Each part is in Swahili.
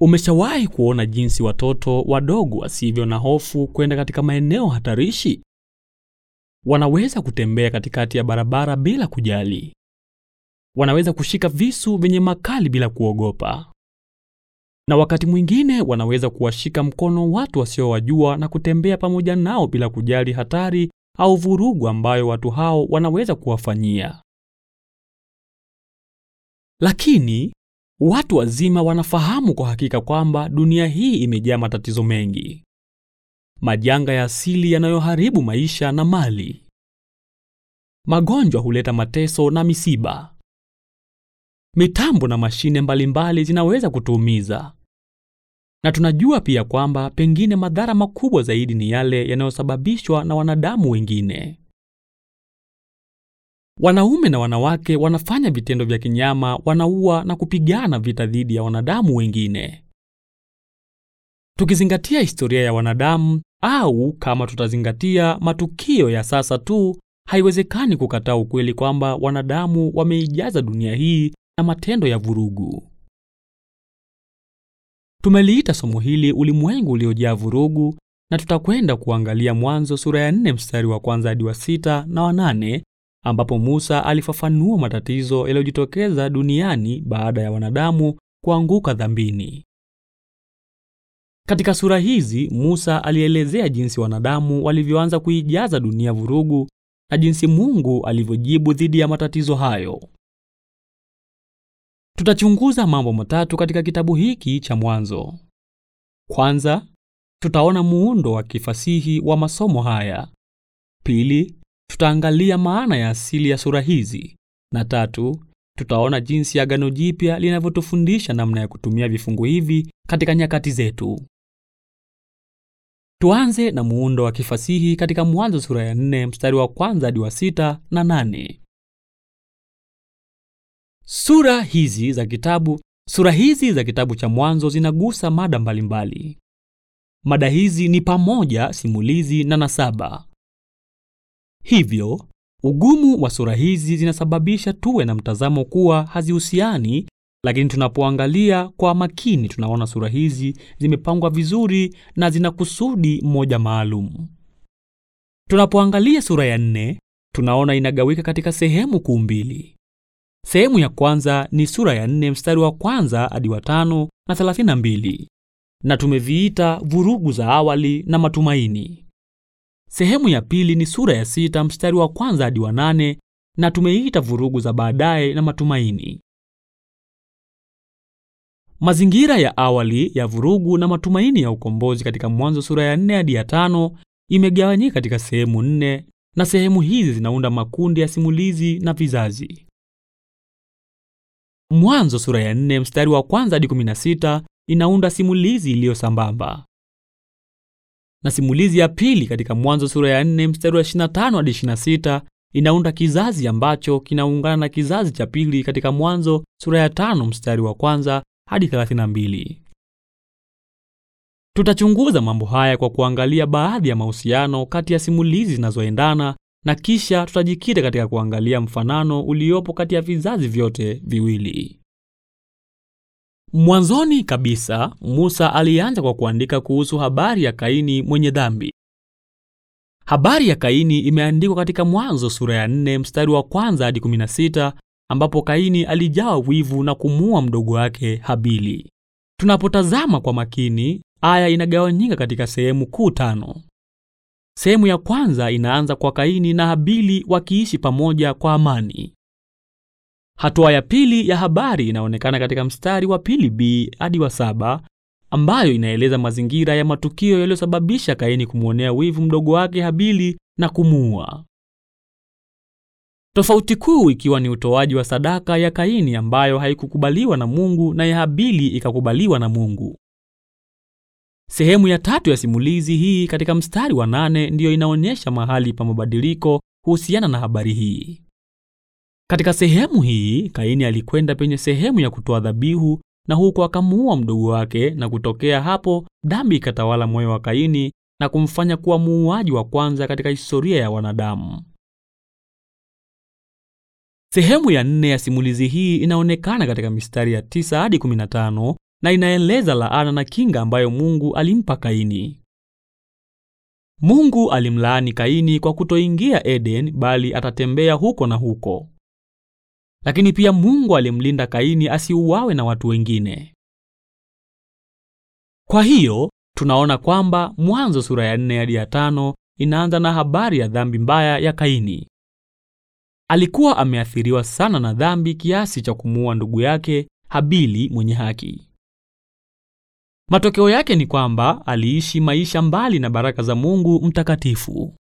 Umeshawahi kuona jinsi watoto wadogo wasivyo na hofu kwenda katika maeneo hatarishi? Wanaweza kutembea katikati ya barabara bila kujali. Wanaweza kushika visu vyenye makali bila kuogopa, na wakati mwingine wanaweza kuwashika mkono watu wasiowajua na kutembea pamoja nao bila kujali hatari au vurugu ambayo watu hao wanaweza kuwafanyia. Lakini Watu wazima wanafahamu kwa hakika kwamba dunia hii imejaa matatizo mengi, majanga ya asili yanayoharibu maisha na mali, magonjwa huleta mateso na misiba, mitambo na mashine mbalimbali zinaweza kutuumiza, na tunajua pia kwamba pengine madhara makubwa zaidi ni yale yanayosababishwa na wanadamu wengine. Wanaume na wanawake wanafanya vitendo vya kinyama, wanaua na kupigana vita dhidi ya wanadamu wengine. Tukizingatia historia ya wanadamu au kama tutazingatia matukio ya sasa tu, haiwezekani kukataa ukweli kwamba wanadamu wameijaza dunia hii na matendo ya vurugu. Tumeliita somo hili ulimwengu uliojaa vurugu na tutakwenda kuangalia Mwanzo sura ya 4 mstari wa kwanza hadi wa sita na wa nane ambapo Musa alifafanua matatizo yaliyojitokeza duniani baada ya wanadamu kuanguka dhambini. Katika sura hizi Musa alielezea jinsi wanadamu walivyoanza kuijaza dunia vurugu na jinsi Mungu alivyojibu dhidi ya matatizo hayo. Tutachunguza mambo matatu katika kitabu hiki cha Mwanzo. Kwanza, tutaona muundo wa kifasihi wa masomo haya. Pili, tutaangalia maana ya asili ya sura hizi, na tatu, tutaona jinsi Agano Jipya linavyotufundisha namna ya kutumia vifungu hivi katika nyakati zetu. Tuanze na muundo wa kifasihi katika Mwanzo sura ya 4 mstari wa kwanza hadi wa sita na nane. Sura hizi za kitabu sura hizi za kitabu cha Mwanzo zinagusa mada mbalimbali mbali. Mada hizi ni pamoja simulizi na nasaba, Hivyo, ugumu wa sura hizi zinasababisha tuwe na mtazamo kuwa hazihusiani, lakini tunapoangalia kwa makini tunaona sura hizi zimepangwa vizuri na zina kusudi moja maalum. Tunapoangalia sura ya nne, tunaona inagawika katika sehemu kuu mbili. Sehemu ya kwanza ni sura ya nne mstari wa kwanza hadi wa tano na thelathini na mbili na tumeviita vurugu za awali na matumaini. Sehemu ya pili ni sura ya sita mstari wa kwanza hadi wa nane na tumeita vurugu za baadaye na matumaini. Mazingira ya awali ya vurugu na matumaini ya ukombozi katika Mwanzo sura ya nne hadi ya tano imegawanyika katika sehemu nne, na sehemu hizi zinaunda makundi ya simulizi na vizazi. Mwanzo sura ya nne mstari wa kwanza hadi 16 inaunda simulizi iliyo sambamba na simulizi ya pili katika Mwanzo sura ya 4 mstari wa 25 hadi 26 inaunda kizazi ambacho kinaungana na kizazi cha pili katika Mwanzo sura ya 5 mstari wa kwanza hadi 32. Tutachunguza mambo haya kwa kuangalia baadhi ya mahusiano kati ya simulizi zinazoendana na kisha tutajikita katika kuangalia mfanano uliopo kati ya vizazi vyote viwili. Mwanzoni kabisa Musa alianza kwa kuandika kuhusu habari ya Kaini mwenye dhambi. Habari ya Kaini imeandikwa katika Mwanzo sura ya 4 mstari wa kwanza hadi 16 ambapo Kaini alijawa wivu na kumuua mdogo wake Habili. Tunapotazama kwa makini, aya inagawanyika katika sehemu kuu tano. Sehemu ya kwanza inaanza kwa Kaini na Habili wakiishi pamoja kwa amani. Hatua ya pili ya habari inaonekana katika mstari wa pili b hadi wa saba ambayo inaeleza mazingira ya matukio yaliyosababisha Kaini kumwonea wivu mdogo wake Habili na kumuua. Tofauti kuu ikiwa ni utoaji wa sadaka ya Kaini ambayo haikukubaliwa na Mungu na ya Habili ikakubaliwa na Mungu. Sehemu ya tatu ya simulizi hii katika mstari wa nane ndiyo inaonyesha mahali pa mabadiliko kuhusiana na habari hii. Katika sehemu hii Kaini alikwenda penye sehemu ya kutoa dhabihu na huko akamuua mdogo wake, na kutokea hapo dhambi ikatawala moyo wa Kaini na kumfanya kuwa muuaji wa kwanza katika historia ya wanadamu. Sehemu ya nne ya simulizi hii inaonekana katika mistari ya tisa hadi 15 na inaeleza laana na kinga ambayo Mungu alimpa Kaini. Mungu alimlaani Kaini kwa kutoingia Eden bali atatembea huko na huko. Lakini pia Mungu alimlinda Kaini asiuawe na watu wengine. Kwa hiyo tunaona kwamba Mwanzo sura ya 4 hadi ya 5 inaanza na habari ya dhambi mbaya ya Kaini. Alikuwa ameathiriwa sana na dhambi kiasi cha kumuua ndugu yake Habili mwenye haki. Matokeo yake ni kwamba aliishi maisha mbali na baraka za Mungu mtakatifu.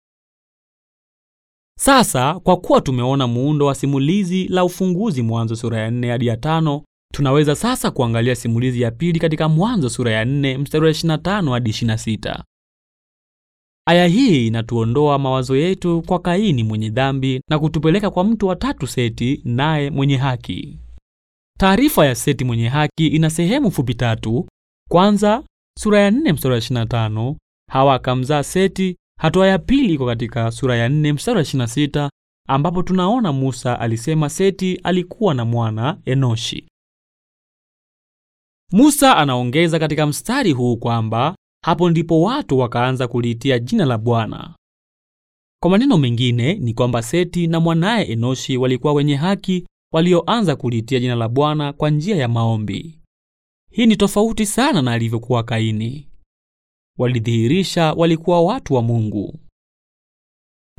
Sasa kwa kuwa tumeona muundo wa simulizi la ufunguzi Mwanzo sura ya 4 hadi ya 5, tunaweza sasa kuangalia simulizi ya pili katika Mwanzo sura ya 4 mstari wa 25 hadi 26. Aya hii inatuondoa mawazo yetu kwa Kaini mwenye dhambi na kutupeleka kwa mtu wa tatu Seti naye mwenye haki. Taarifa ya Seti mwenye haki ina sehemu fupi tatu. Kwanza, sura ya 4 mstari wa 25, Hawa akamzaa Seti Hatua ya pili iko katika sura ya 4 mstari wa 26 ambapo tunaona Musa alisema Seti alikuwa na mwana Enoshi. Musa anaongeza katika mstari huu kwamba hapo ndipo watu wakaanza kuliitia jina la Bwana. Kwa maneno mengine ni kwamba Seti na mwanaye Enoshi walikuwa wenye haki walioanza kuliitia jina la Bwana kwa njia ya maombi. Hii ni tofauti sana na alivyokuwa Kaini walidhihirisha walikuwa watu wa Mungu.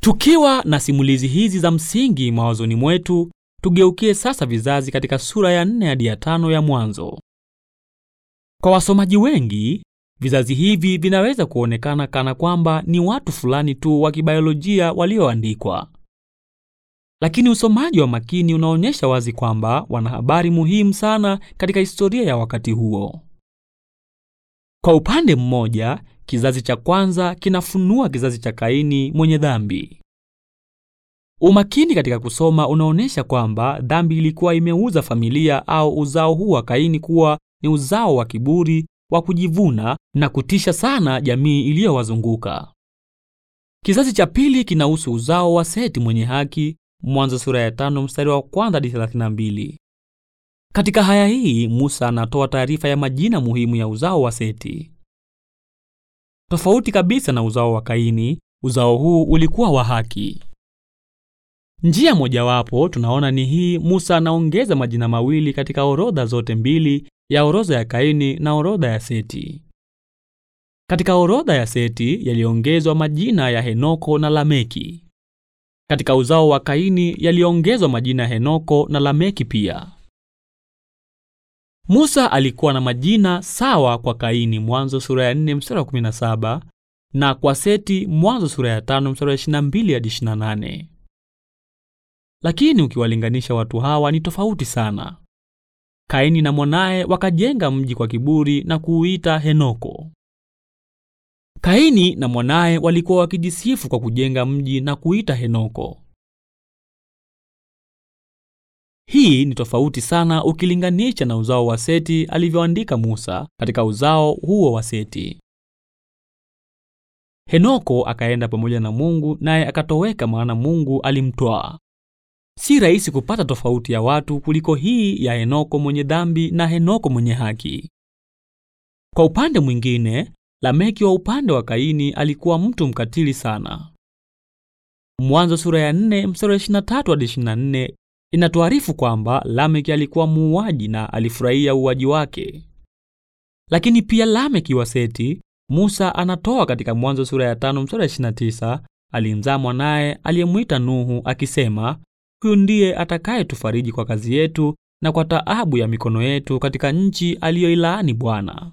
Tukiwa na simulizi hizi za msingi mawazoni mwetu, tugeukie sasa vizazi katika sura ya nne hadi ya tano ya Mwanzo. Kwa wasomaji wengi, vizazi hivi vinaweza kuonekana kana kwamba ni watu fulani tu wa kibayolojia walioandikwa, lakini usomaji wa makini unaonyesha wazi kwamba wana habari muhimu sana katika historia ya wakati huo. Kwa upande mmoja, kizazi cha kwanza kinafunua kizazi cha Kaini mwenye dhambi. Umakini katika kusoma unaonyesha kwamba dhambi ilikuwa imeuza familia au uzao huu wa Kaini kuwa ni uzao wa kiburi, wa kujivuna na kutisha sana jamii iliyowazunguka. Kizazi cha pili kinahusu uzao wa Seti mwenye haki, Mwanzo sura ya 5 mstari wa kwanza hadi katika haya hii Musa anatoa taarifa ya majina muhimu ya uzao wa Seti. Tofauti kabisa na uzao wa Kaini, uzao huu ulikuwa wa haki. Njia mojawapo tunaona ni hii, Musa anaongeza majina mawili katika orodha zote mbili, ya orodha ya Kaini na orodha ya Seti. Katika orodha ya Seti yaliongezwa majina ya Henoko na Lameki. Katika uzao wa Kaini yaliongezwa majina ya Henoko na Lameki pia. Musa alikuwa na majina sawa kwa Kaini, Mwanzo sura ya 4 mstari wa 17 na kwa Seti, Mwanzo sura ya 5 mstari wa 22 hadi 28. Lakini ukiwalinganisha watu hawa ni tofauti sana. Kaini na mwanaye wakajenga mji kwa kiburi na kuuita Henoko. Kaini na mwanaye walikuwa wakijisifu kwa kujenga mji na kuita Henoko. Hii ni tofauti sana ukilinganisha na uzao wa Seti alivyoandika Musa katika uzao huo wa Seti. Henoko akaenda pamoja na Mungu naye akatoweka, maana Mungu alimtwaa. Si rahisi kupata tofauti ya watu kuliko hii ya Henoko mwenye dhambi na Henoko mwenye haki. Kwa upande mwingine, Lameki wa upande wa Kaini alikuwa mtu mkatili sana. Mwanzo sura ya 4 mstari wa 23 hadi 24 inatuarifu kwamba Lameki alikuwa muuaji na alifurahia uuaji wake. Lakini pia Lameki wa Seti, Musa anatoa katika Mwanzo sura ya 5 mstari 29, alimzaa mwanaye aliyemwita Nuhu akisema, huyu ndiye atakayetufariji kwa kazi yetu na kwa taabu ya mikono yetu katika nchi aliyoilaani Bwana.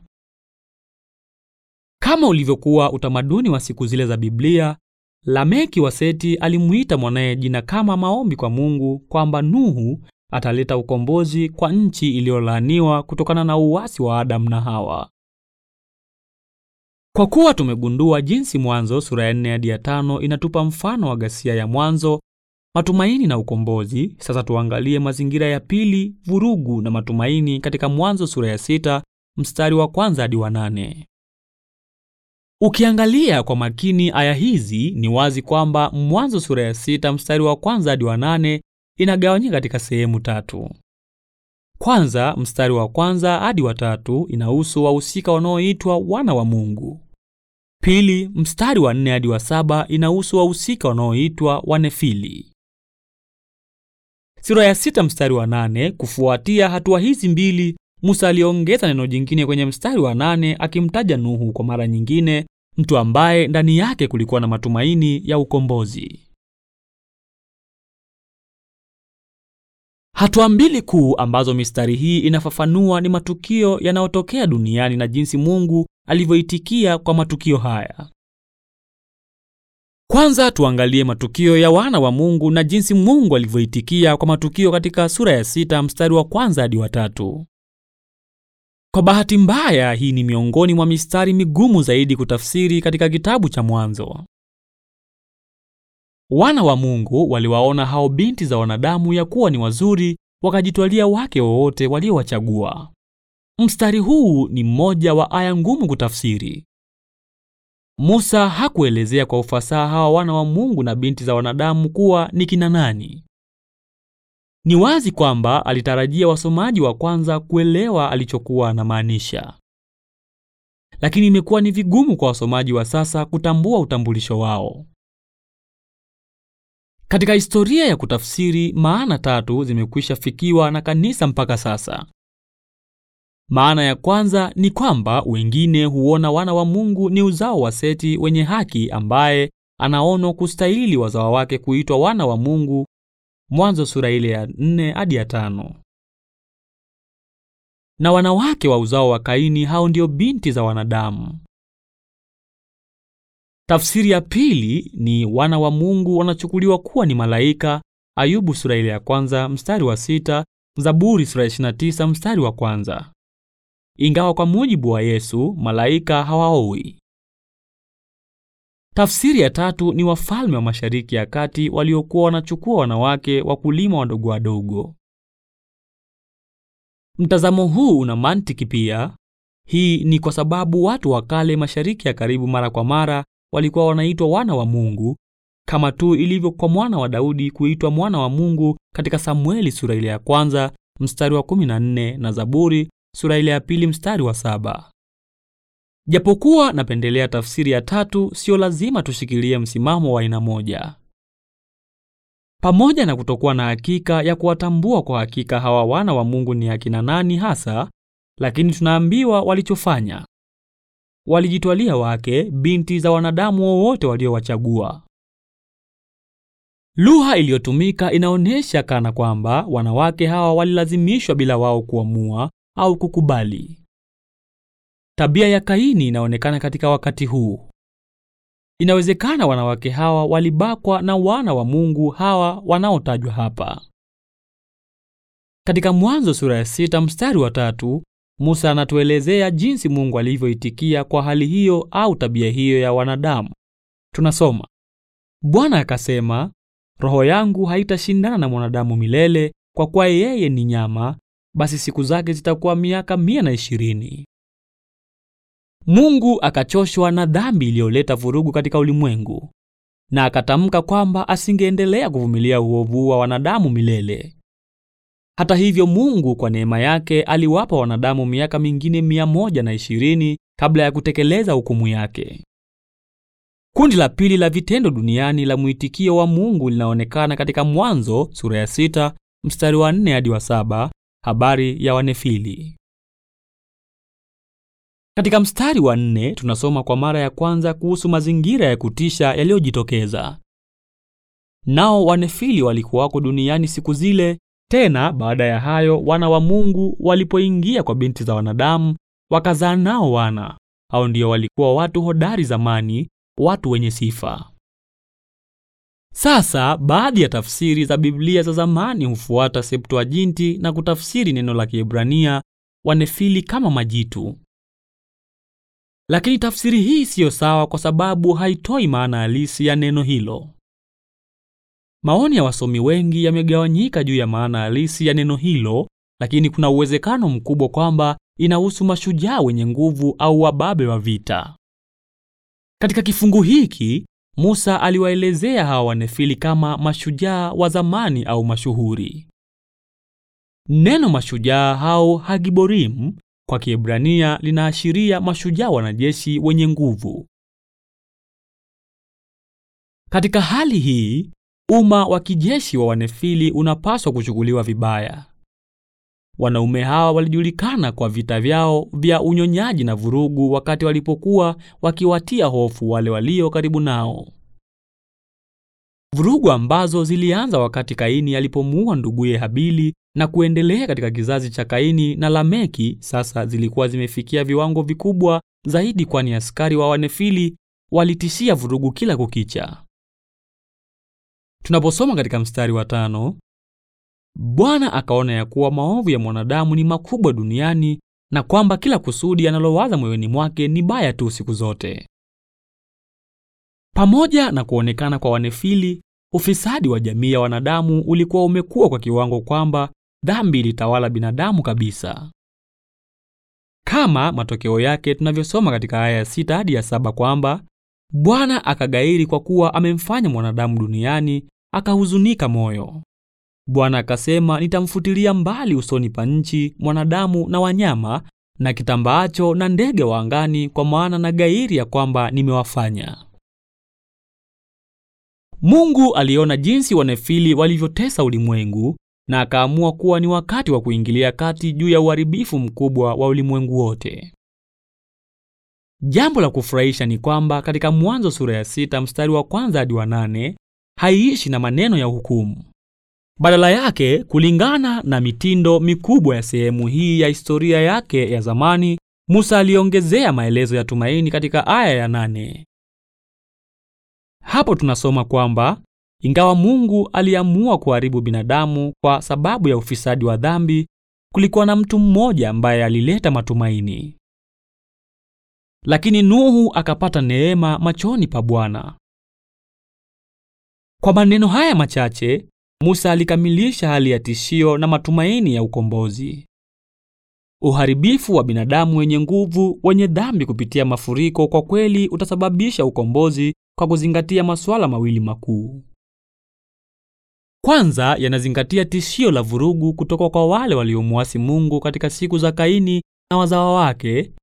Kama ulivyokuwa utamaduni wa siku zile za Biblia, Lameki wa Seti alimuita mwanaye jina kama maombi kwa Mungu kwamba Nuhu ataleta ukombozi kwa nchi iliyolaaniwa kutokana na uwasi wa Adamu na Hawa. Kwa kuwa tumegundua jinsi Mwanzo sura ya 4 hadi ya 5 inatupa mfano wa ghasia ya mwanzo, matumaini na ukombozi, sasa tuangalie mazingira ya pili, vurugu na matumaini katika Mwanzo sura ya 6 mstari wa kwanza hadi wa nane. Ukiangalia kwa makini aya hizi ni wazi kwamba Mwanzo sura ya sita mstari wa kwanza hadi wa nane inagawanyika katika sehemu tatu. Kwanza, mstari wa kwanza hadi wa tatu inahusu wahusika wanaoitwa wana wa Mungu. Pili, mstari wa nne hadi wa saba inahusu wahusika wanaoitwa wanefili. Sura ya sita mstari wa nane kufuatia hatua hizi mbili Musa aliongeza neno jingine kwenye mstari wa nane akimtaja Nuhu kwa mara nyingine, mtu ambaye ndani yake kulikuwa na matumaini ya ukombozi. Hatua mbili kuu ambazo mistari hii inafafanua ni matukio yanayotokea duniani na jinsi Mungu alivyoitikia kwa matukio haya. Kwanza tuangalie matukio ya wana wa Mungu na jinsi Mungu alivyoitikia kwa matukio katika sura ya sita mstari wa kwanza hadi watatu kwa bahati mbaya, hii ni miongoni mwa mistari migumu zaidi kutafsiri katika kitabu cha Mwanzo. Wana wa Mungu waliwaona hao binti za wanadamu ya kuwa ni wazuri, wakajitwalia wake wowote waliowachagua. Mstari huu ni mmoja wa aya ngumu kutafsiri. Musa hakuelezea kwa ufasaha hawa wana wa Mungu na binti za wanadamu kuwa ni kina nani. Ni wazi kwamba alitarajia wasomaji wa kwanza kuelewa alichokuwa anamaanisha, lakini imekuwa ni vigumu kwa wasomaji wa sasa kutambua utambulisho wao. Katika historia ya kutafsiri, maana tatu zimekwisha fikiwa na kanisa mpaka sasa. Maana ya kwanza ni kwamba wengine huona wana wa Mungu ni uzao wa Seti wenye haki, ambaye anaonwa kustahili wazawa wake kuitwa wana wa Mungu Mwanzo sura ile ya nne hadi ya tano. Na wanawake wa uzao wa Kaini hao ndio binti za wanadamu. Tafsiri ya pili ni wana wa Mungu wanachukuliwa kuwa ni malaika. Ayubu sura ile ya kwanza mstari wa sita, Zaburi sura ya 29 mstari wa kwanza. Ingawa kwa mujibu wa Yesu malaika hawaowi. Tafsiri ya tatu ni wafalme wa Mashariki ya Kati waliokuwa wanachukua wanawake wakulima wadogo wadogo. Mtazamo huu una mantiki pia. Hii ni kwa sababu watu wa kale Mashariki ya Karibu mara kwa mara walikuwa wanaitwa wana wa Mungu, kama tu ilivyo kwa mwana wa Daudi kuitwa mwana wa Mungu katika Samueli sura ile ya kwanza mstari wa 14 na Zaburi sura ile ya pili mstari wa saba. Japokuwa napendelea tafsiri ya tatu, sio lazima tushikilie msimamo wa aina moja. Pamoja na kutokuwa na hakika ya kuwatambua kwa hakika hawa wana wa Mungu ni akina nani hasa, lakini tunaambiwa walichofanya. Walijitwalia wake binti za wanadamu wowote waliowachagua. Lugha iliyotumika inaonyesha kana kwamba wanawake hawa walilazimishwa bila wao kuamua au kukubali. Tabia ya Kaini inaonekana katika wakati huu. Inawezekana wanawake hawa walibakwa na wana wa Mungu hawa wanaotajwa hapa. Katika Mwanzo sura ya sita mstari wa tatu, Musa anatuelezea jinsi Mungu alivyoitikia kwa hali hiyo au tabia hiyo ya wanadamu. Tunasoma, Bwana akasema, roho yangu haitashindana na mwanadamu milele, kwa kuwa yeye ni nyama, basi siku zake zitakuwa miaka mia na ishirini. Mungu akachoshwa na dhambi iliyoleta vurugu katika ulimwengu na akatamka kwamba asingeendelea kuvumilia uovu wa wanadamu milele. Hata hivyo, Mungu kwa neema yake aliwapa wanadamu miaka mingine 120 kabla ya kutekeleza hukumu yake. Kundi la pili la vitendo duniani la mwitikio wa Mungu linaonekana katika Mwanzo sura ya sita mstari wa nne hadi wa saba, habari ya Wanefili. Katika mstari wa nne tunasoma kwa mara ya kwanza kuhusu mazingira ya kutisha yaliyojitokeza. Nao wanefili walikuwako duniani siku zile, tena baada ya hayo wana wa Mungu walipoingia kwa binti za wanadamu wakazaa nao wana. au ndio walikuwa watu hodari zamani, watu wenye sifa. Sasa baadhi ya tafsiri za Biblia za zamani hufuata Septuaginti na kutafsiri neno la Kiebrania wanefili kama majitu. Lakini tafsiri hii siyo sawa kwa sababu haitoi maana halisi ya neno hilo. Maoni ya wasomi wengi yamegawanyika juu ya maana halisi ya neno hilo, lakini kuna uwezekano mkubwa kwamba inahusu mashujaa wenye nguvu au wababe wa vita. Katika kifungu hiki, Musa aliwaelezea hawa Wanefili kama mashujaa wa zamani au mashuhuri. Neno mashujaa hao hagiborim kwa Kiebrania linaashiria mashujaa wanajeshi wenye nguvu. Katika hali hii, umma wa kijeshi wa Wanefili unapaswa kuchukuliwa vibaya. Wanaume hawa walijulikana kwa vita vyao vya unyonyaji na vurugu wakati walipokuwa wakiwatia hofu wale walio karibu nao vurugu ambazo zilianza wakati Kaini alipomuua nduguye Habili na kuendelea katika kizazi cha Kaini na Lameki, sasa zilikuwa zimefikia viwango vikubwa zaidi, kwani askari wa Wanefili walitishia vurugu kila kukicha. Tunaposoma katika mstari wa tano, Bwana akaona ya kuwa maovu ya mwanadamu ni makubwa duniani na kwamba kila kusudi analowaza moyoni mwake ni baya tu siku zote. Pamoja na kuonekana kwa wanefili, ufisadi wa jamii ya wanadamu ulikuwa umekuwa kwa kiwango kwamba dhambi ilitawala binadamu kabisa, kama matokeo yake tunavyosoma katika aya ya sita hadi ya saba kwamba Bwana akagairi kwa kuwa amemfanya mwanadamu duniani, akahuzunika moyo. Bwana akasema, nitamfutilia mbali usoni pa nchi mwanadamu na wanyama na kitambaacho na ndege wa angani, kwa maana na gairi ya kwamba nimewafanya Mungu aliona jinsi wanefili walivyotesa ulimwengu na akaamua kuwa ni wakati wa kuingilia kati juu ya uharibifu mkubwa wa ulimwengu wote. Jambo la kufurahisha ni kwamba katika Mwanzo sura ya sita mstari wa kwanza hadi wa nane haiishi na maneno ya hukumu. Badala yake, kulingana na mitindo mikubwa ya sehemu hii ya historia yake ya zamani, Musa aliongezea maelezo ya tumaini katika aya ya nane. Hapo tunasoma kwamba ingawa Mungu aliamua kuharibu binadamu kwa sababu ya ufisadi wa dhambi, kulikuwa na mtu mmoja ambaye alileta matumaini. Lakini Nuhu akapata neema machoni pa Bwana. Kwa maneno haya machache, Musa alikamilisha hali ya tishio na matumaini ya ukombozi. Uharibifu wa binadamu wenye nguvu wenye dhambi kupitia mafuriko kwa kweli utasababisha ukombozi kwa kuzingatia masuala mawili makuu. Kwanza, yanazingatia tishio la vurugu kutoka kwa wale waliomwasi Mungu katika siku za Kaini na wazawa wake.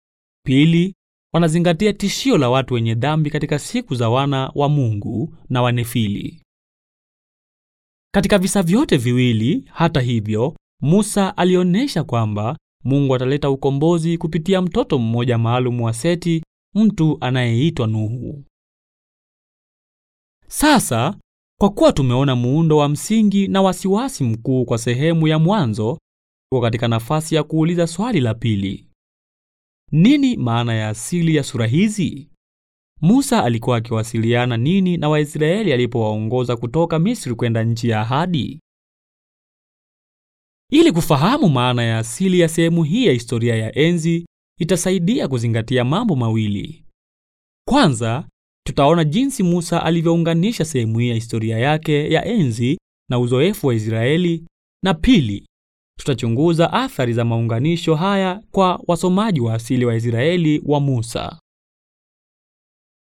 Pili, wanazingatia tishio la watu wenye dhambi katika siku za wana wa Mungu na wanefili. Katika visa vyote viwili, hata hivyo, Musa alionyesha kwamba Mungu ataleta ukombozi kupitia mtoto mmoja maalumu wa Seti, mtu anayeitwa Nuhu. Sasa, kwa kuwa tumeona muundo wa msingi na wasiwasi mkuu kwa sehemu ya mwanzo, tuko katika nafasi ya kuuliza swali la pili. Nini maana ya asili ya sura hizi? Musa alikuwa akiwasiliana nini na Waisraeli alipowaongoza kutoka Misri kwenda nchi ya ahadi? Ili kufahamu maana ya asili ya sehemu hii ya historia ya enzi, itasaidia kuzingatia mambo mawili. Kwanza, Tutaona jinsi Musa alivyounganisha sehemu hii ya historia yake ya enzi na uzoefu wa Israeli, na pili, tutachunguza athari za maunganisho haya kwa wasomaji wa asili wa Israeli wa Musa.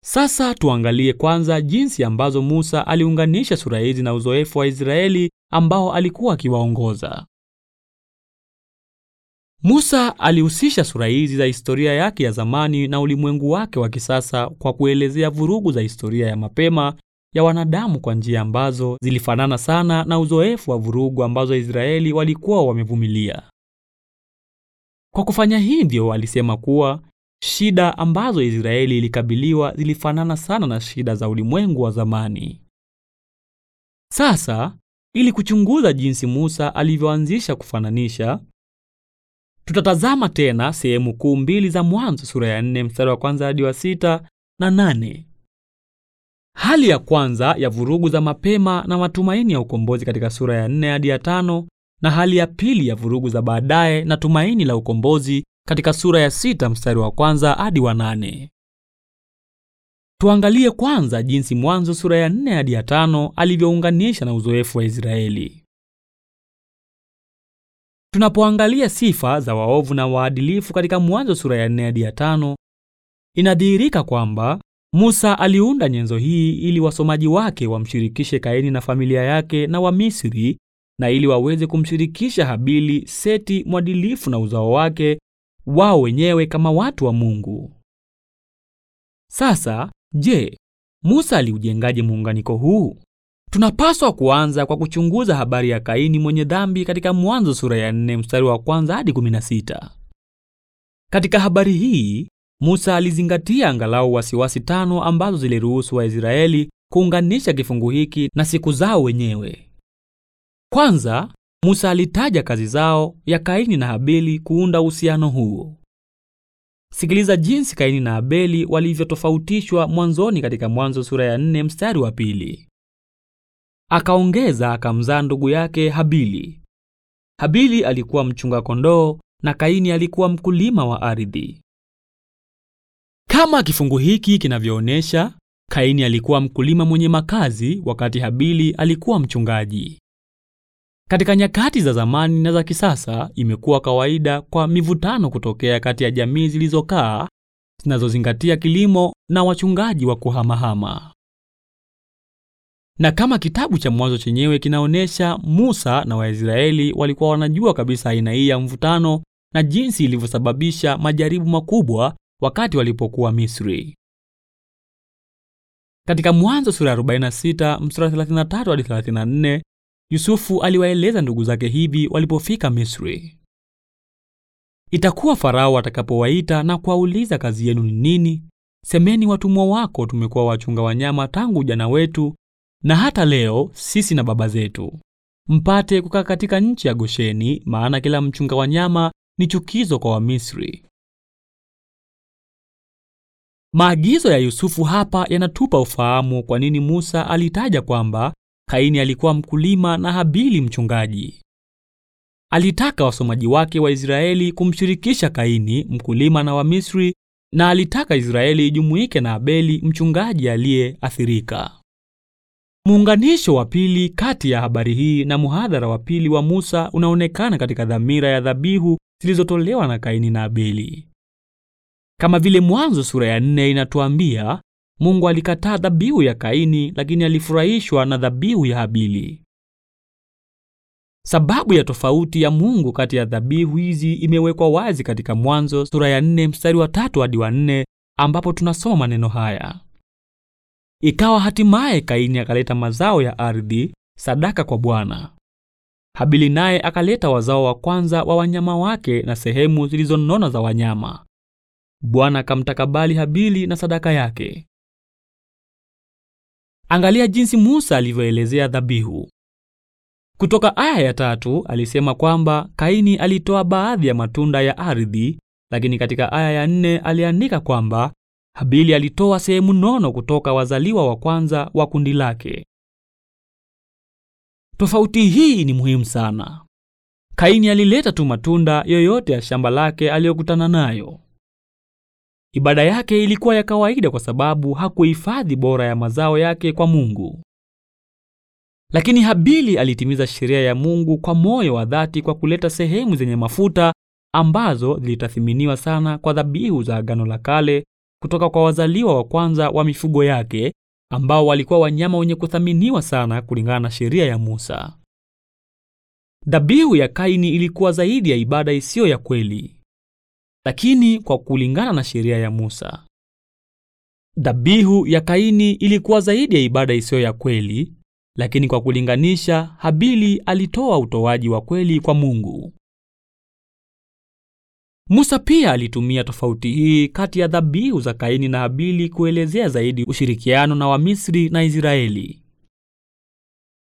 Sasa tuangalie kwanza jinsi ambazo Musa aliunganisha sura hizi na uzoefu wa Israeli ambao alikuwa akiwaongoza. Musa alihusisha sura hizi za historia yake ya zamani na ulimwengu wake wa kisasa kwa kuelezea vurugu za historia ya mapema ya wanadamu kwa njia ambazo zilifanana sana na uzoefu wa vurugu ambazo Israeli walikuwa wamevumilia. Kwa kufanya hivyo, alisema kuwa shida ambazo Israeli ilikabiliwa zilifanana sana na shida za ulimwengu wa zamani. Sasa, ili kuchunguza jinsi Musa alivyoanzisha kufananisha Tutatazama tena sehemu kuu mbili za Mwanzo sura ya 4 mstari wa kwanza hadi wa sita na nane. Hali ya kwanza ya vurugu za mapema na matumaini ya ukombozi katika sura ya 4 hadi ya tano na hali ya pili ya vurugu za baadaye na tumaini la ukombozi katika sura ya sita mstari wa kwanza hadi wa nane. Tuangalie kwanza jinsi Mwanzo sura ya 4 hadi ya tano alivyounganisha na uzoefu wa Israeli. Tunapoangalia sifa za waovu na waadilifu katika Mwanzo sura ya 4 hadi ya 5, inadhihirika kwamba Musa aliunda nyenzo hii ili wasomaji wake wamshirikishe Kaini na familia yake na Wamisri na ili waweze kumshirikisha Habili, Seti mwadilifu na uzao wake wao wenyewe kama watu wa Mungu. Sasa, je, Musa aliujengaje muunganiko huu? Tunapaswa kuanza kwa kuchunguza habari ya Kaini mwenye dhambi katika Mwanzo sura ya 4 mstari wa kwanza hadi 16. Katika habari hii, Musa alizingatia angalau wasiwasi tano ambazo ziliruhusu Waisraeli kuunganisha kifungu hiki na siku zao wenyewe. Kwanza, Musa alitaja kazi zao ya Kaini na Habeli kuunda uhusiano huo. Sikiliza jinsi Kaini na Habeli walivyotofautishwa mwanzoni katika Mwanzo sura ya 4 mstari wa pili. Akaongeza akamzaa ndugu yake Habili. Habili alikuwa mchunga kondoo na Kaini alikuwa mkulima wa ardhi. Kama kifungu hiki kinavyoonyesha, Kaini alikuwa mkulima mwenye makazi wakati Habili alikuwa mchungaji. Katika nyakati za zamani na za kisasa, imekuwa kawaida kwa mivutano kutokea kati ya jamii zilizokaa zinazozingatia kilimo na wachungaji wa kuhamahama. Na kama kitabu cha Mwanzo chenyewe kinaonyesha, Musa na Waisraeli walikuwa wanajua kabisa aina hii ya mvutano na jinsi ilivyosababisha majaribu makubwa wakati walipokuwa Misri. Katika Mwanzo sura 46 33 hadi 34, Yusufu aliwaeleza ndugu zake hivi walipofika Misri: Itakuwa Farao atakapowaita na kuwauliza kazi yenu ni nini, semeni watumwa wako tumekuwa wachunga wanyama tangu ujana wetu na hata leo sisi na baba zetu, mpate kukaa katika nchi ya Gosheni, maana kila mchunga nyama ni chukizo kwa Wamisri. Maagizo ya Yusufu hapa yanatupa ufahamu kwa nini Musa alitaja kwamba Kaini alikuwa mkulima na Habili mchungaji. Alitaka wasomaji wake wa Israeli kumshirikisha Kaini mkulima na Wamisri, na alitaka Israeli ijumuike na Abeli mchungaji aliyeathirika. Muunganisho wa pili kati ya habari hii na muhadhara wa pili wa Musa unaonekana katika dhamira ya dhabihu zilizotolewa na Kaini na Abeli. Kama vile Mwanzo sura ya nne inatuambia, Mungu alikataa dhabihu ya Kaini lakini alifurahishwa na dhabihu ya Habili. Sababu ya tofauti ya Mungu kati ya dhabihu hizi imewekwa wazi katika Mwanzo sura ya nne mstari wa tatu hadi wa nne ambapo tunasoma maneno haya. Ikawa hatimaye Kaini akaleta mazao ya ardhi sadaka kwa Bwana. Habili naye akaleta wazao wa kwanza wa wanyama wake na sehemu zilizonona za wanyama. Bwana akamtakabali Habili na sadaka yake. Angalia jinsi Musa alivyoelezea dhabihu. Kutoka aya ya tatu alisema kwamba Kaini alitoa baadhi ya matunda ya ardhi, lakini katika aya ya nne aliandika kwamba Habili alitoa sehemu nono kutoka wazaliwa wa kwanza wa kundi lake. Tofauti hii ni muhimu sana. Kaini alileta tu matunda yoyote ya shamba lake aliyokutana nayo. Ibada yake ilikuwa ya kawaida kwa sababu hakuhifadhi bora ya mazao yake kwa Mungu. Lakini Habili alitimiza sheria ya Mungu kwa moyo wa dhati kwa kuleta sehemu zenye mafuta ambazo zilitathiminiwa sana kwa dhabihu za Agano la Kale kutoka kwa wazaliwa wa kwanza wa mifugo yake ambao walikuwa wanyama wenye kuthaminiwa sana kulingana na sheria ya Musa. Dhabihu ya Kaini ilikuwa zaidi ya ibada isiyo ya kweli, lakini kwa kulingana na sheria ya Musa. Dhabihu ya Kaini ilikuwa zaidi ya ibada isiyo ya kweli, lakini kwa kulinganisha, Habili alitoa utoaji wa kweli kwa Mungu. Musa pia alitumia tofauti hii kati ya dhabihu za Kaini na Habili kuelezea zaidi ushirikiano na Wamisri na Israeli.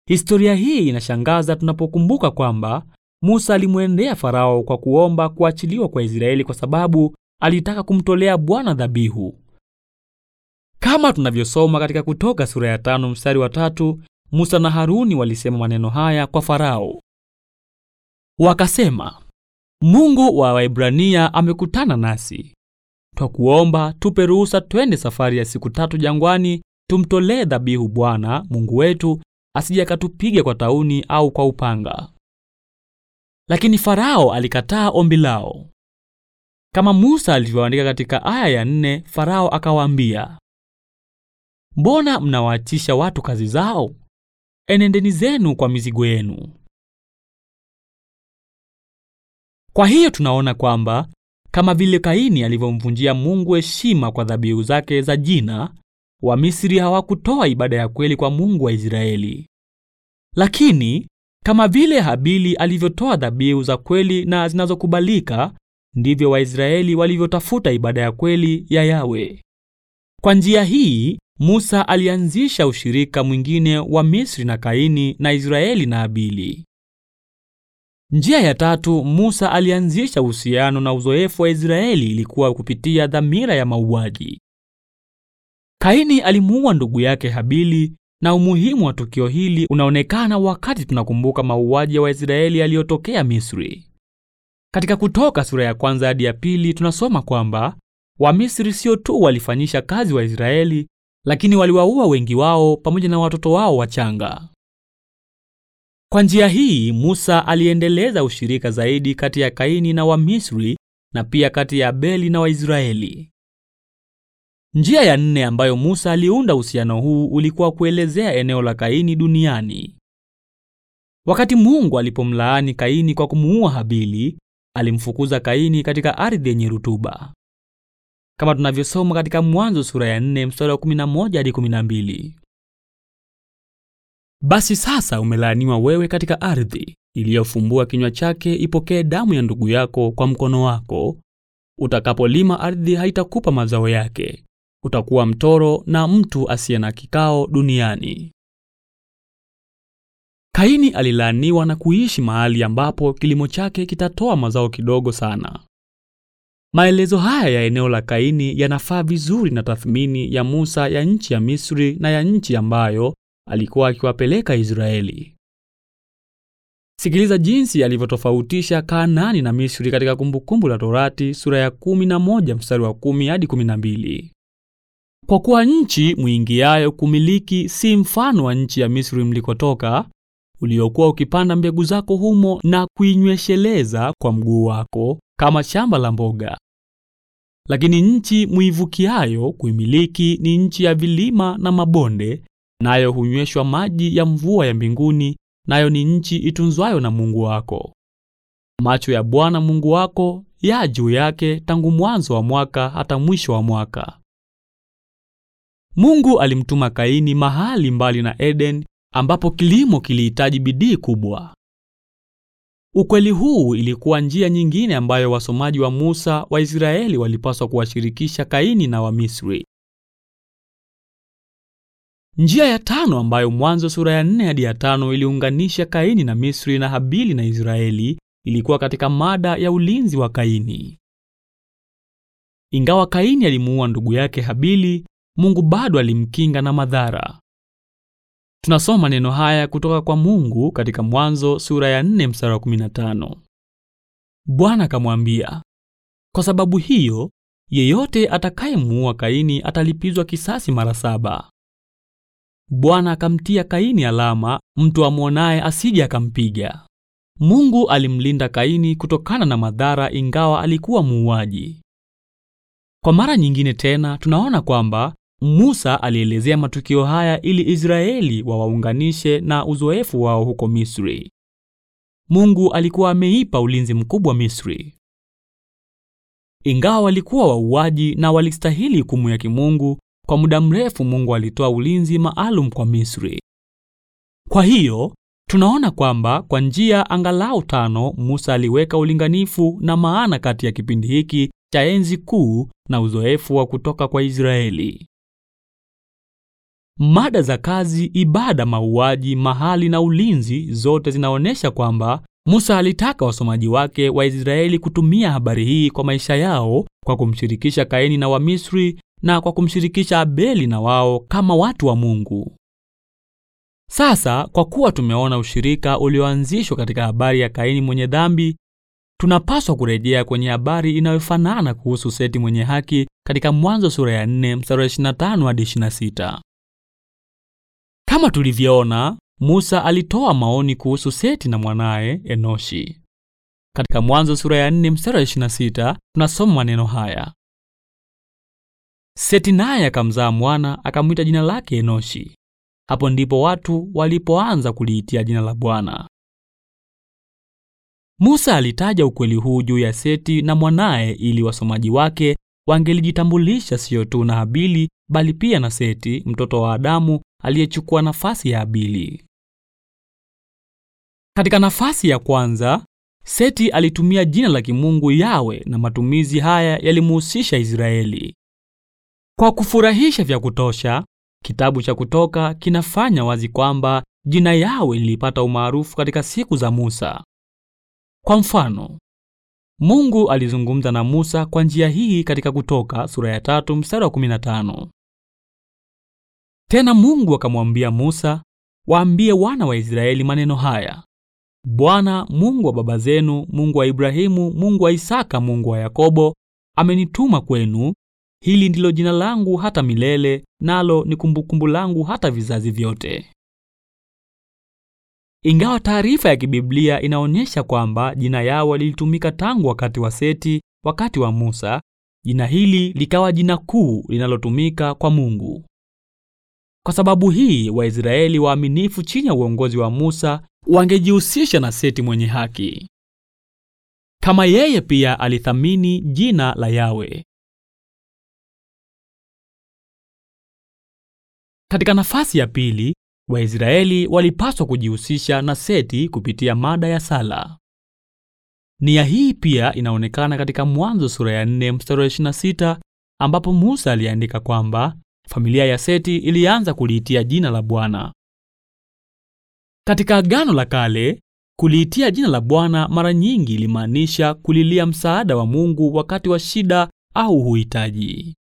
Historia hii inashangaza tunapokumbuka kwamba Musa alimwendea Farao kwa kuomba kuachiliwa kwa Israeli kwa sababu alitaka kumtolea Bwana dhabihu. Kama tunavyosoma katika Kutoka sura ya tano mstari wa tatu, Musa na Haruni walisema maneno haya kwa Farao. Wakasema, Mungu wa Waebrania amekutana nasi. Twakuomba tupe ruhusa twende safari ya siku tatu jangwani, tumtolee dhabihu Bwana Mungu wetu, asije akatupiga kwa tauni au kwa upanga. Lakini Farao alikataa ombi lao. Kama Musa alivyoandika katika aya ya nne, Farao akawaambia, mbona mnawaachisha watu kazi zao? Enendeni zenu kwa mizigo yenu. Kwa hiyo tunaona kwamba kama vile Kaini alivyomvunjia Mungu heshima kwa dhabihu zake za jina, Wamisri hawakutoa ibada ya kweli kwa Mungu wa Israeli. Lakini kama vile Habili alivyotoa dhabihu za kweli na zinazokubalika, ndivyo Waisraeli walivyotafuta ibada ya kweli ya Yawe. Kwa njia hii, Musa alianzisha ushirika mwingine wa Misri na Kaini na Israeli na Habili. Njia ya tatu, Musa alianzisha uhusiano na uzoefu wa Israeli ilikuwa kupitia dhamira ya mauaji. Kaini alimuua ndugu yake Habili na umuhimu wa tukio hili unaonekana wakati tunakumbuka mauaji ya Waisraeli yaliyotokea Misri. Katika Kutoka sura ya kwanza hadi ya pili tunasoma kwamba Wamisri sio tu walifanyisha kazi Waisraeli, lakini waliwaua wengi wao pamoja na watoto wao wachanga. Kwa njia hii Musa aliendeleza ushirika zaidi kati ya Kaini na Wamisri na pia kati ya Abeli na Waisraeli. Njia ya nne ambayo Musa aliunda uhusiano huu ulikuwa kuelezea eneo la Kaini duniani. Wakati Mungu alipomlaani Kaini kwa kumuua Habili, alimfukuza Kaini katika ardhi yenye rutuba. Kama tunavyosoma katika Mwanzo sura ya 4 mstari wa 11 hadi 12. Basi sasa umelaaniwa wewe katika ardhi iliyofumbua kinywa chake ipokee damu ya ndugu yako kwa mkono wako. Utakapolima ardhi haitakupa mazao yake, utakuwa mtoro na mtu asiye na kikao duniani. Kaini alilaaniwa na kuishi mahali ambapo kilimo chake kitatoa mazao kidogo sana. Maelezo haya ya eneo la Kaini yanafaa vizuri na tathmini ya Musa ya nchi ya Misri na ya nchi ambayo alikuwa akiwapeleka Israeli. Sikiliza jinsi alivyotofautisha Kanaani na Misri katika Kumbukumbu la Torati sura ya 11 mstari wa 10 hadi 12. Kwa kuwa nchi mwingiayo kumiliki si mfano wa nchi ya Misri mlikotoka, uliokuwa ukipanda mbegu zako humo na kuinywesheleza kwa mguu wako kama shamba la mboga. Lakini nchi muivukiayo kuimiliki ni nchi ya vilima na mabonde nayo hunyweshwa maji ya mvua ya mbinguni, nayo ni nchi itunzwayo na Mungu wako. Macho ya Bwana Mungu wako ya juu yake tangu mwanzo wa mwaka hata mwisho wa mwaka. Mungu alimtuma Kaini mahali mbali na Eden ambapo kilimo kilihitaji bidii kubwa. Ukweli huu ilikuwa njia nyingine ambayo wasomaji wa Musa Waisraeli walipaswa kuwashirikisha Kaini na Wamisri. Njia ya tano ambayo Mwanzo sura ya nne hadi ya tano iliunganisha Kaini na Misri na Habili na Israeli ilikuwa katika mada ya ulinzi wa Kaini. Ingawa Kaini alimuua ndugu yake Habili, Mungu bado alimkinga na madhara. Tunasoma neno haya kutoka kwa Mungu katika Mwanzo sura ya 4 mstari wa 15. Bwana akamwambia, kwa sababu hiyo yeyote atakayemuua Kaini atalipizwa kisasi mara saba. Bwana akamtia Kaini alama, mtu amwonaye asije akampiga. Mungu alimlinda Kaini kutokana na madhara, ingawa alikuwa muuaji. Kwa mara nyingine tena tunaona kwamba Musa alielezea matukio haya ili Israeli wawaunganishe na uzoefu wao huko Misri. Mungu alikuwa ameipa ulinzi mkubwa Misri. Ingawa walikuwa wauaji na walistahili hukumu ya kimungu, kwa muda mrefu Mungu alitoa ulinzi maalum kwa Misri. Kwa hiyo tunaona kwamba kwa njia angalau tano Musa aliweka ulinganifu na maana kati ya kipindi hiki cha enzi kuu na uzoefu wa kutoka kwa Israeli. Mada za kazi, ibada, mauaji, mahali na ulinzi zote zinaonyesha kwamba Musa alitaka wasomaji wake wa Israeli kutumia habari hii kwa maisha yao kwa kumshirikisha Kaini na Wamisri na kwa kumshirikisha Abeli na wao kama watu wa Mungu. Sasa kwa kuwa tumeona ushirika ulioanzishwa katika habari ya Kaini mwenye dhambi, tunapaswa kurejea kwenye habari inayofanana kuhusu Seti mwenye haki katika Mwanzo sura ya 4 mstari wa 25 hadi 26. Kama tulivyoona, Musa alitoa maoni kuhusu Seti na mwanaye Enoshi. Katika Mwanzo sura ya 4 mstari wa 26 tunasoma maneno haya: Seti naye akamzaa mwana akamwita jina lake Enoshi. Hapo ndipo watu walipoanza kuliitia jina la Bwana. Musa alitaja ukweli huu juu ya Seti na mwanaye ili wasomaji wake wangelijitambulisha sio tu na Habili bali pia na Seti, mtoto wa Adamu aliyechukua nafasi ya Habili. Katika nafasi ya kwanza, Seti alitumia jina la kimungu Yawe na matumizi haya yalimuhusisha Israeli. Kwa kufurahisha vya kutosha, kitabu cha Kutoka kinafanya wazi kwamba jina Yawe lilipata umaarufu katika siku za Musa. Kwa mfano, Mungu alizungumza na Musa kwa njia hii katika Kutoka sura ya tatu mstari wa 15. Tena Mungu akamwambia Musa, waambie wana wa Israeli maneno haya: Bwana Mungu wa baba zenu, Mungu wa Ibrahimu, Mungu wa Isaka, Mungu wa Yakobo, amenituma kwenu Hili ndilo jina langu hata milele, nalo ni kumbukumbu langu hata vizazi vyote. Ingawa taarifa ya kibiblia inaonyesha kwamba jina yawe lilitumika tangu wakati wa Seti, wakati wa Musa, jina hili likawa jina kuu linalotumika kwa Mungu. Kwa sababu hii, Waisraeli waaminifu chini ya uongozi wa Musa wangejihusisha na Seti mwenye haki, kama yeye pia alithamini jina la yawe Katika nafasi ya pili, Waisraeli walipaswa kujihusisha na Seti kupitia mada ya sala. Nia hii pia inaonekana katika Mwanzo sura ya 4 mstari wa 26 ambapo Musa aliandika kwamba familia ya Seti ilianza kuliitia jina la Bwana. Katika Agano la Kale, kuliitia jina la Bwana mara nyingi ilimaanisha kulilia msaada wa Mungu wakati wa shida au uhitaji.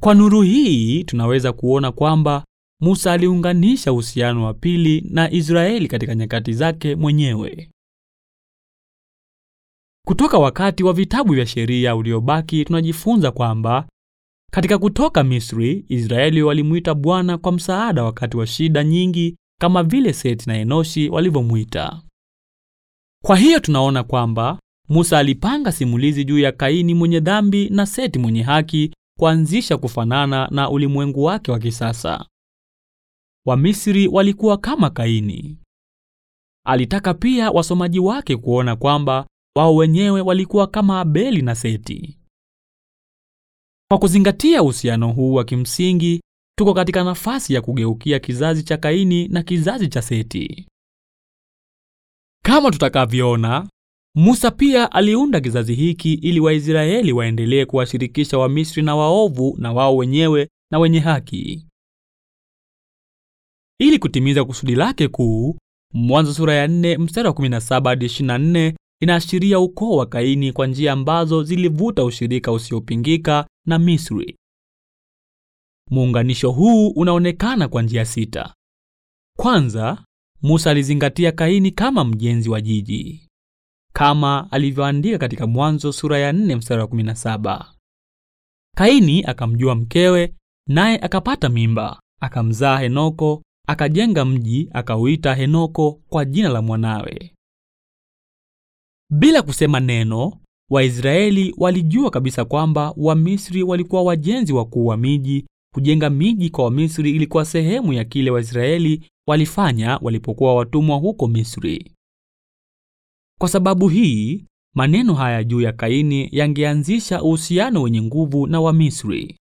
Kwa nuru hii tunaweza kuona kwamba Musa aliunganisha uhusiano wa pili na Israeli katika nyakati zake mwenyewe. Kutoka wakati wa vitabu vya sheria uliobaki tunajifunza kwamba katika kutoka Misri, Israeli walimuita Bwana kwa msaada wakati wa shida nyingi kama vile Seti na Enoshi walivyomwita. Kwa hiyo tunaona kwamba Musa alipanga simulizi juu ya Kaini mwenye dhambi na Seti mwenye haki kuanzisha kufanana na ulimwengu wake wa kisasa. Wamisri walikuwa kama Kaini. Alitaka pia wasomaji wake kuona kwamba wao wenyewe walikuwa kama Abeli na Seti. Kwa kuzingatia uhusiano huu wa kimsingi, tuko katika nafasi ya kugeukia kizazi cha Kaini na kizazi cha Seti. Kama tutakavyoona, Musa pia aliunda kizazi hiki ili Waisraeli waendelee kuwashirikisha Wamisri na waovu na wao wenyewe na wenye haki. Ili kutimiza kusudi lake kuu, Mwanzo sura ya 4 mstari wa 17 hadi 24 inaashiria ukoo wa Kaini kwa njia ambazo zilivuta ushirika usiopingika na Misri. Muunganisho huu unaonekana kwa njia sita. Kwanza, Musa alizingatia Kaini kama mjenzi wa jiji kama alivyoandika katika Mwanzo sura ya 4 mstari wa 17. Kaini akamjua mkewe, naye akapata mimba, akamzaa Henoko, akajenga mji, akauita Henoko kwa jina la mwanawe. Bila kusema neno, Waisraeli walijua kabisa kwamba Wamisri walikuwa wajenzi wakuu wa miji. Kujenga miji kwa Wamisri ilikuwa sehemu ya kile Waisraeli walifanya walipokuwa watumwa huko Misri. Kwa sababu hii, maneno haya juu ya Kaini yangeanzisha uhusiano wenye nguvu na Wamisri.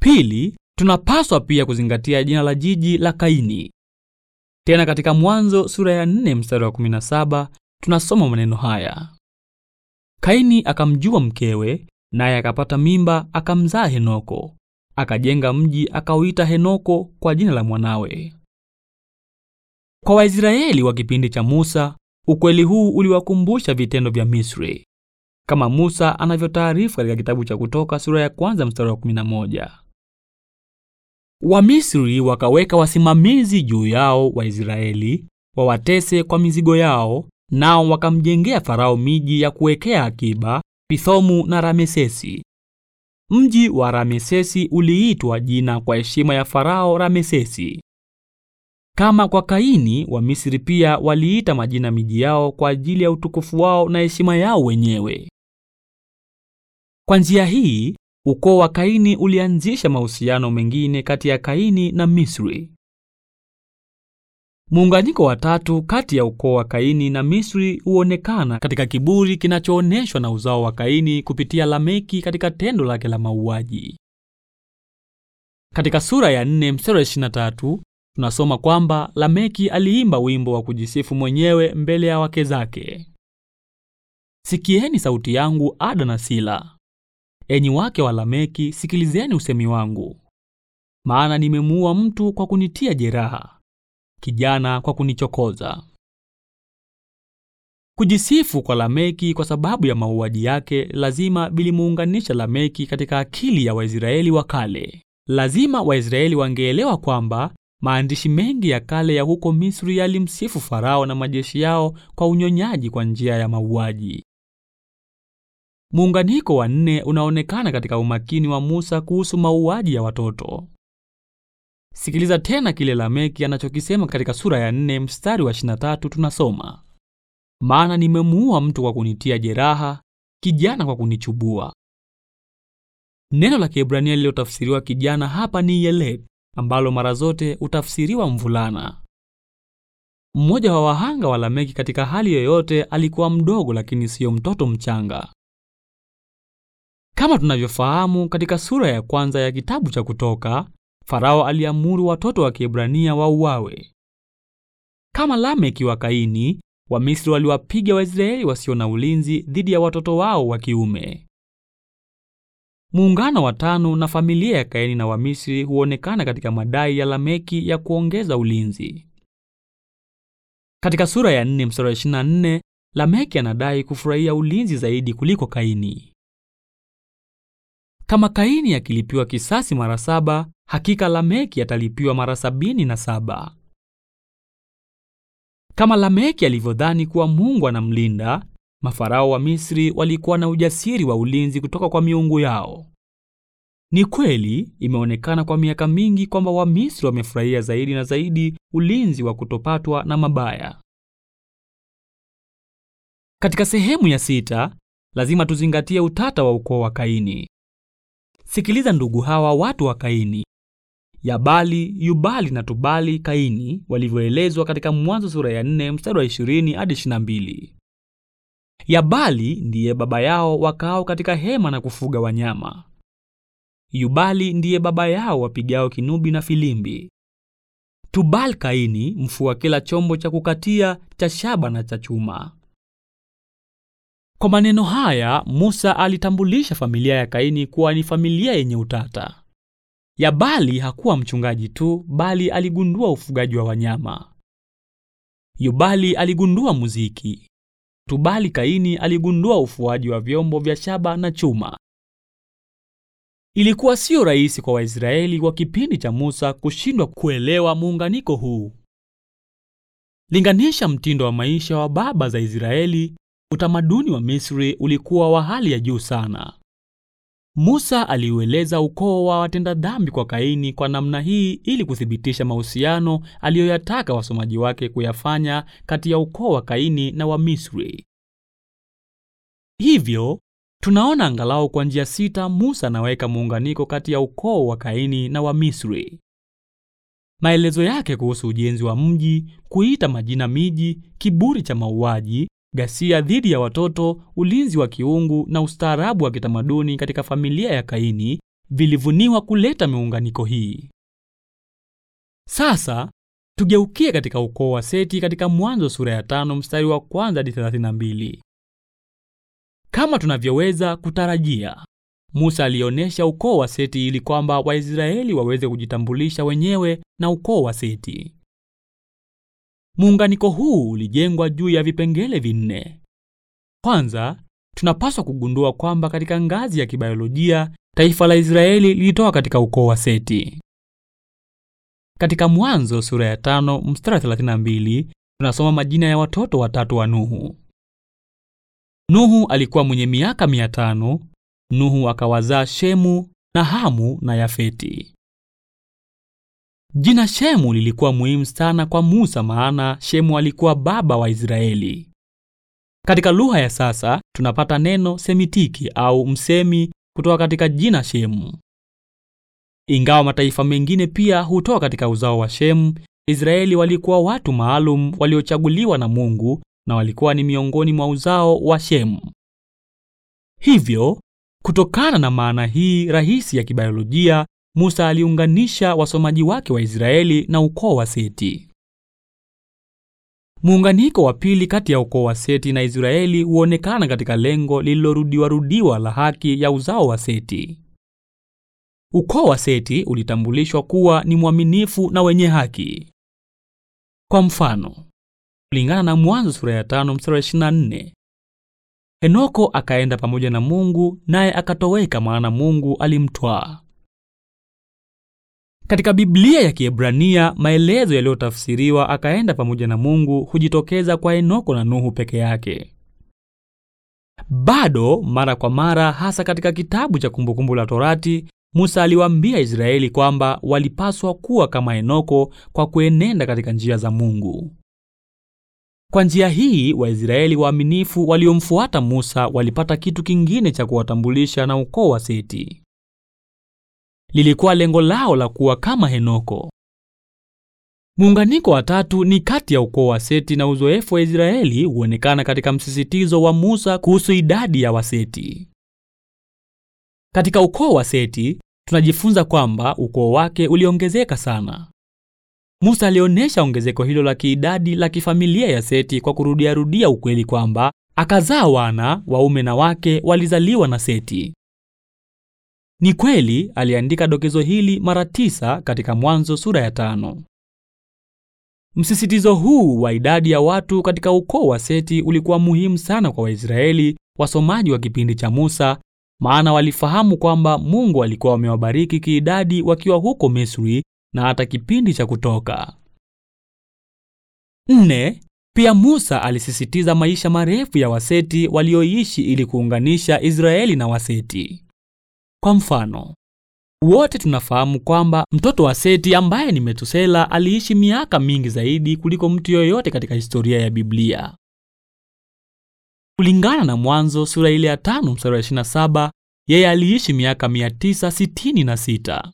Pili, tunapaswa pia kuzingatia jina la jiji la Kaini. Tena katika Mwanzo sura ya 4 mstari wa 17 tunasoma maneno haya: Kaini akamjua mkewe, naye akapata mimba, akamzaa Henoko. Akajenga mji akauita Henoko kwa jina la mwanawe. Kwa Waisraeli wa kipindi cha Musa, Ukweli huu uliwakumbusha vitendo vya Misri, kama Musa anavyotaarifu katika kitabu cha Kutoka sura ya kwanza mstari wa 11. Wamisri wakaweka wasimamizi juu yao Waisraeli wawatese kwa mizigo yao, nao wakamjengea Farao miji ya kuwekea akiba, Pithomu na Ramesesi. Mji wa Ramesesi uliitwa jina kwa heshima ya Farao Ramesesi, kama kwa Kaini, Wamisri pia waliita majina miji yao kwa ajili ya utukufu wao na heshima yao wenyewe. Kwa njia hii, ukoo wa Kaini ulianzisha mahusiano mengine kati ya Kaini na Misri. Muunganiko wa tatu kati ya ukoo wa Kaini na Misri huonekana katika kiburi kinachoonyeshwa na uzao wa Kaini kupitia Lameki katika tendo lake la mauaji. Katika sura ya 4 mstari wa 23 tunasoma kwamba Lameki aliimba wimbo wa kujisifu mwenyewe mbele ya wake zake. Sikieni sauti yangu, Ada na Sila, enyi wake wa Lameki, sikilizeni usemi wangu, maana nimemuua mtu kwa kunitia jeraha, kijana kwa kunichokoza. Kujisifu kwa Lameki kwa sababu ya mauaji yake lazima bilimuunganisha Lameki katika akili ya Waisraeli wa kale. Lazima Waisraeli wangeelewa kwamba Maandishi mengi ya kale ya huko Misri yalimsifu Farao na majeshi yao kwa unyonyaji kwa njia ya mauaji. Muunganiko wa nne unaonekana katika umakini wa Musa kuhusu mauaji ya watoto. Sikiliza tena kile Lameki anachokisema katika sura ya nne mstari wa 23 tunasoma. Maana nimemuua mtu kwa kunitia jeraha, kijana kwa kunichubua. Neno la Kiebrania lililotafsiriwa kijana hapa ni yeled, ambalo mara zote utafsiriwa mvulana. Mmoja wa wahanga wa Lameki katika hali yoyote alikuwa mdogo, lakini siyo mtoto mchanga. Kama tunavyofahamu, katika sura ya kwanza ya kitabu cha Kutoka, Farao aliamuru watoto wa Kiebrania wauawe. Kama Lameki wa Kaini, Wamisri waliwapiga Waisraeli wasio na ulinzi dhidi ya watoto wao wa kiume. Muungano wa tano na familia ya Kaini na Wamisri huonekana katika madai ya Lameki ya kuongeza ulinzi. Katika sura ya 4 mstari wa 24, Lameki anadai kufurahia ulinzi zaidi kuliko Kaini. Kama Kaini akilipiwa kisasi mara saba, hakika Lameki atalipiwa mara sabini na saba. Kama Lameki alivyodhani kuwa Mungu anamlinda, Mafarao wa Misri walikuwa na ujasiri wa ulinzi kutoka kwa miungu yao. Ni kweli imeonekana kwa miaka mingi kwamba Wamisri wamefurahia zaidi na zaidi ulinzi wa kutopatwa na mabaya. Katika sehemu ya sita, lazima tuzingatie utata wa ukoo wa Kaini. Sikiliza ndugu hawa watu wa Kaini, Yabali, Yubali na Tubali Kaini walivyoelezwa katika Mwanzo sura ya 4 mstari wa 20 hadi 22. Yabali ndiye baba yao wakao katika hema na kufuga wanyama. Yubali ndiye baba yao wapigao kinubi na filimbi. Tubal Kaini mfua kila chombo cha kukatia cha shaba na cha chuma. Kwa maneno haya Musa alitambulisha familia ya Kaini kuwa ni familia yenye utata. Yabali hakuwa mchungaji tu, bali aligundua ufugaji wa wanyama. Yubali aligundua muziki tubali Kaini aligundua ufuaji wa vyombo vya shaba na chuma. Ilikuwa sio rahisi kwa Waisraeli wa kipindi cha Musa kushindwa kuelewa muunganiko huu. Linganisha mtindo wa maisha wa baba za Israeli. Utamaduni wa Misri ulikuwa wa hali ya juu sana. Musa aliueleza ukoo wa watenda dhambi kwa Kaini kwa namna hii ili kuthibitisha mahusiano aliyoyataka wasomaji wake kuyafanya kati ya ukoo wa Kaini na wa Misri. Hivyo tunaona angalau kwa njia sita Musa anaweka muunganiko kati ya ukoo wa Kaini na wa Misri. Maelezo yake kuhusu ujenzi wa mji, kuita majina miji, kiburi cha mauaji, ghasia dhidi ya watoto, ulinzi wa kiungu na ustaarabu wa kitamaduni katika familia ya Kaini vilivuniwa kuleta miunganiko hii. Sasa tugeukie katika ukoo wa Seti katika Mwanzo sura ya tano mstari wa kwanza hadi mbili. Kama tunavyoweza kutarajia, Musa alionyesha ukoo wa Seti ili kwamba Waisraeli waweze kujitambulisha wenyewe na ukoo wa Seti. Muunganiko huu ulijengwa juu ya vipengele vinne. Kwanza, tunapaswa kugundua kwamba katika ngazi ya kibayolojia taifa la Israeli lilitoka katika ukoo wa Seti. Katika Mwanzo sura ya 5 mstari 32 tunasoma majina ya watoto watatu wa Nuhu. Nuhu alikuwa mwenye miaka 500, Nuhu akawazaa Shemu na Hamu na Yafeti. Jina Shemu lilikuwa muhimu sana kwa Musa maana Shemu alikuwa baba wa Israeli. Katika lugha ya sasa tunapata neno semitiki au msemi kutoka katika jina Shemu. Ingawa mataifa mengine pia hutoka katika uzao wa Shemu, Israeli walikuwa watu maalum waliochaguliwa na Mungu na walikuwa ni miongoni mwa uzao wa Shemu. Hivyo, kutokana na maana hii rahisi ya kibiolojia, Musa aliunganisha wasomaji wake wa Israeli na ukoo wa Seti. Muunganiko wa pili kati ya ukoo wa Seti na Israeli huonekana katika lengo lililorudiwa rudiwa la haki ya uzao wa Seti. Ukoo wa Seti ulitambulishwa kuwa ni mwaminifu na wenye haki. Kwa mfano, kulingana na Mwanzo sura ya 5 mstari wa 24, Henoko akaenda pamoja na Mungu naye akatoweka, maana Mungu alimtwaa. Katika Biblia ya Kiebrania, maelezo yaliyotafsiriwa akaenda pamoja na Mungu hujitokeza kwa Enoko na Nuhu peke yake. Bado mara kwa mara, hasa katika kitabu cha Kumbukumbu la Torati, Musa aliwaambia Israeli kwamba walipaswa kuwa kama Enoko kwa kuenenda katika njia za Mungu. Kwa njia hii, Waisraeli waaminifu waliomfuata Musa walipata kitu kingine cha kuwatambulisha na ukoo wa Seti lilikuwa lengo lao la kuwa kama Henoko. Muunganiko wa tatu ni kati ya ukoo wa Seti na uzoefu wa Israeli huonekana katika msisitizo wa Musa kuhusu idadi ya Waseti. Katika ukoo wa Seti tunajifunza kwamba ukoo wake uliongezeka sana. Musa alionyesha ongezeko hilo la kiidadi la kifamilia ya Seti kwa kurudiarudia ukweli kwamba akazaa wana waume na wake walizaliwa na Seti. Ni kweli aliandika dokezo hili mara tisa katika Mwanzo sura ya tano. Msisitizo huu wa idadi ya watu katika ukoo wa Seti ulikuwa muhimu sana kwa Waisraeli wasomaji wa kipindi cha Musa, maana walifahamu kwamba Mungu alikuwa amewabariki kiidadi wakiwa huko Misri na hata kipindi cha Kutoka. Nne, pia Musa alisisitiza maisha marefu ya Waseti walioishi ili kuunganisha Israeli na Waseti. Kwa mfano, wote tunafahamu kwamba mtoto wa Seti ambaye ni Metusela aliishi miaka mingi zaidi kuliko mtu yoyote katika historia ya Biblia. Kulingana na Mwanzo sura ile ya 5 mstari wa 27, yeye aliishi miaka 966.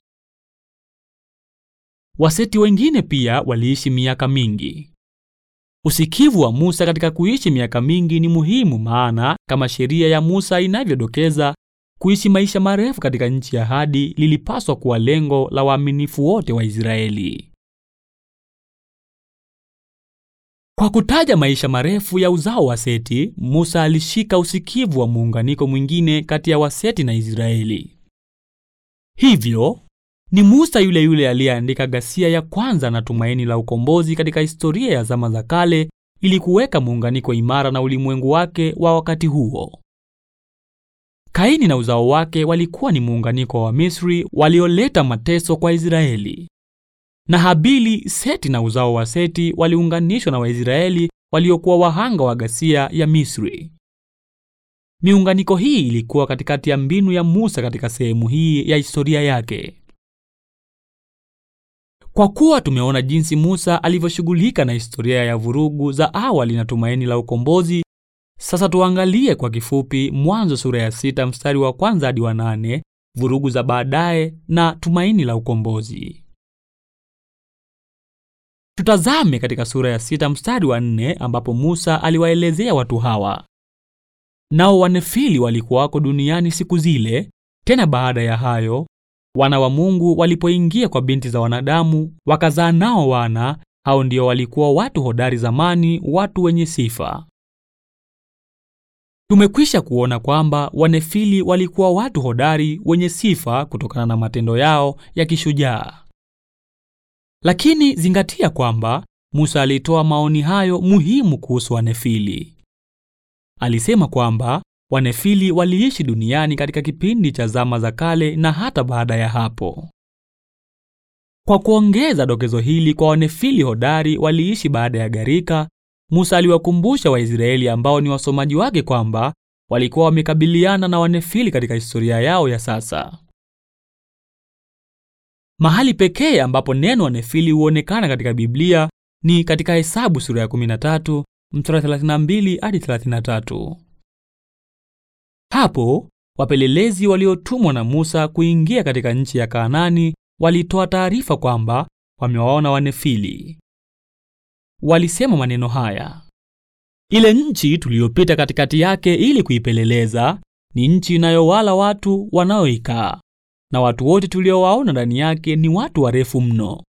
Waseti wengine pia waliishi miaka mingi. Usikivu wa Musa katika kuishi miaka mingi ni muhimu, maana kama sheria ya Musa inavyodokeza, Kuishi maisha marefu katika nchi ya hadi lilipaswa kuwa lengo la waaminifu wote wa Israeli. Kwa kutaja maisha marefu ya uzao wa Seti, Musa alishika usikivu wa muunganiko mwingine kati ya Waseti na Israeli. Hivyo ni Musa yule yule aliyeandika ghasia ya kwanza na tumaini la ukombozi katika historia ya zama za kale ili kuweka muunganiko imara na ulimwengu wake wa wakati huo. Kaini na uzao wake walikuwa ni muunganiko wa Misri walioleta mateso kwa Israeli, na Habili, Seti na uzao wa Seti waliunganishwa na Waisraeli waliokuwa wahanga wa ghasia ya Misri. Miunganiko hii ilikuwa katikati ya mbinu ya Musa katika sehemu hii ya historia yake. Kwa kuwa tumeona jinsi Musa alivyoshughulika na historia ya vurugu za awali na tumaini la ukombozi, sasa tuangalie kwa kifupi Mwanzo sura ya sita mstari wa kwanza hadi wa nane, vurugu za baadaye na tumaini la ukombozi. Tutazame katika sura ya sita mstari wa nne ambapo Musa aliwaelezea watu hawa, nao wanefili walikuwako duniani siku zile, tena baada ya hayo wana wa Mungu walipoingia kwa binti za wanadamu wakazaa nao wana. Hao ndio walikuwa watu hodari zamani, watu wenye sifa. Tumekwisha kuona kwamba Wanefili walikuwa watu hodari wenye sifa kutokana na matendo yao ya kishujaa. Lakini zingatia kwamba Musa alitoa maoni hayo muhimu kuhusu Wanefili. Alisema kwamba Wanefili waliishi duniani katika kipindi cha zama za kale na hata baada ya hapo. Kwa kuongeza dokezo hili kwa Wanefili hodari waliishi baada ya gharika Musa aliwakumbusha Waisraeli ambao ni wasomaji wake kwamba walikuwa wamekabiliana na wanefili katika historia yao ya sasa. Mahali pekee ambapo neno wanefili huonekana katika Biblia ni katika Hesabu sura ya 13 mstari 32 hadi 33. Hapo wapelelezi waliotumwa na Musa kuingia katika nchi ya Kanaani walitoa taarifa kwamba wamewaona wanefili walisema maneno haya: ile nchi tuliyopita katikati yake ili kuipeleleza ni nchi inayowala watu wanaoikaa, na watu wote tuliowaona ndani yake ni watu warefu mno.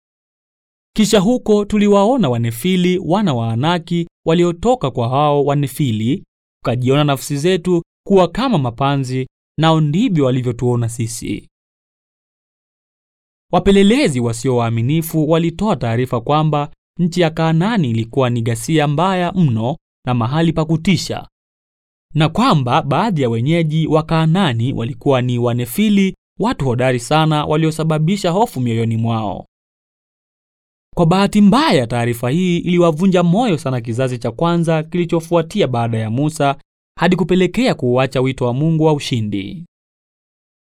Kisha huko tuliwaona Wanefili wana wa Anaki waliotoka kwa hao Wanefili, tukajiona nafsi zetu kuwa kama mapanzi, nao ndivyo walivyotuona sisi. Wapelelezi wasio waaminifu walitoa taarifa kwamba Nchi ya Kanaani ilikuwa ni ghasia mbaya mno na mahali pa kutisha, na kwamba baadhi ya wenyeji wa Kanaani walikuwa ni wanefili, watu hodari sana waliosababisha hofu mioyoni mwao. Kwa bahati mbaya, taarifa hii iliwavunja moyo sana kizazi cha kwanza kilichofuatia baada ya Musa hadi kupelekea kuuacha wito wa Mungu wa ushindi.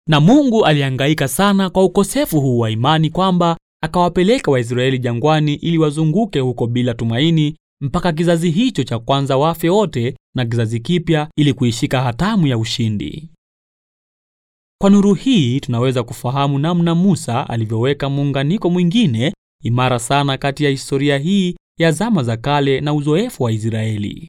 Na Mungu alihangaika sana kwa ukosefu huu wa imani kwamba akawapeleka Waisraeli jangwani ili wazunguke huko bila tumaini mpaka kizazi hicho cha kwanza wafe wote na kizazi kipya ili kuishika hatamu ya ushindi. Kwa nuru hii tunaweza kufahamu namna Musa alivyoweka muunganiko mwingine imara sana kati ya historia hii ya zama za kale na uzoefu wa Israeli.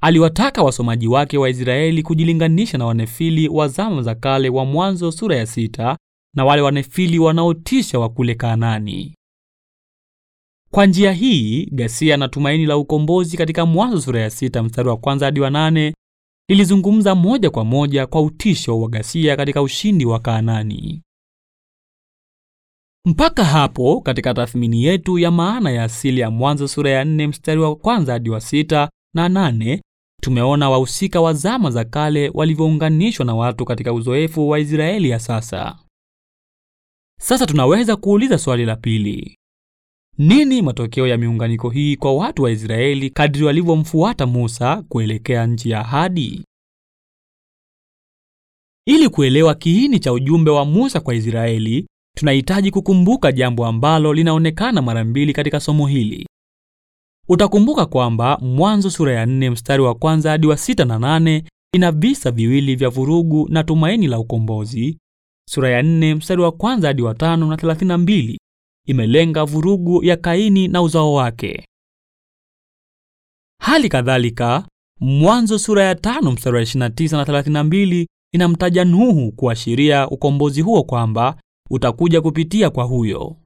Aliwataka wasomaji wake wa Israeli kujilinganisha na wanefili wa zama za kale wa Mwanzo sura ya sita na wale wanefili wanaotisha wa kule Kanaani. Kwa njia hii, gasia na tumaini la ukombozi katika Mwanzo sura ya sita mstari wa kwanza hadi wa nane lilizungumza moja kwa moja kwa utisho wa Gasia katika ushindi wa Kanaani. Mpaka hapo katika tathmini yetu ya maana ya asili ya Mwanzo sura ya nne mstari wa kwanza hadi wa sita na nane tumeona wahusika wa zama za kale walivyounganishwa na watu katika uzoefu wa Israeli ya sasa. Sasa tunaweza kuuliza swali la pili: nini matokeo ya miunganiko hii kwa watu wa Israeli kadri walivyomfuata Musa kuelekea nchi ya ahadi? Ili kuelewa kiini cha ujumbe wa Musa kwa Israeli, tunahitaji kukumbuka jambo ambalo linaonekana mara mbili katika somo hili. Utakumbuka kwamba Mwanzo sura ya 4 mstari wa kwanza hadi wa sita na nane ina visa viwili vya vurugu na tumaini la ukombozi sura ya 4 mstari wa kwanza hadi wa 5 na 32 imelenga vurugu ya Kaini na uzao wake. Hali kadhalika, Mwanzo sura ya 5 mstari wa 29 na 32 inamtaja Nuhu kuashiria ukombozi huo kwamba utakuja kupitia kwa huyo.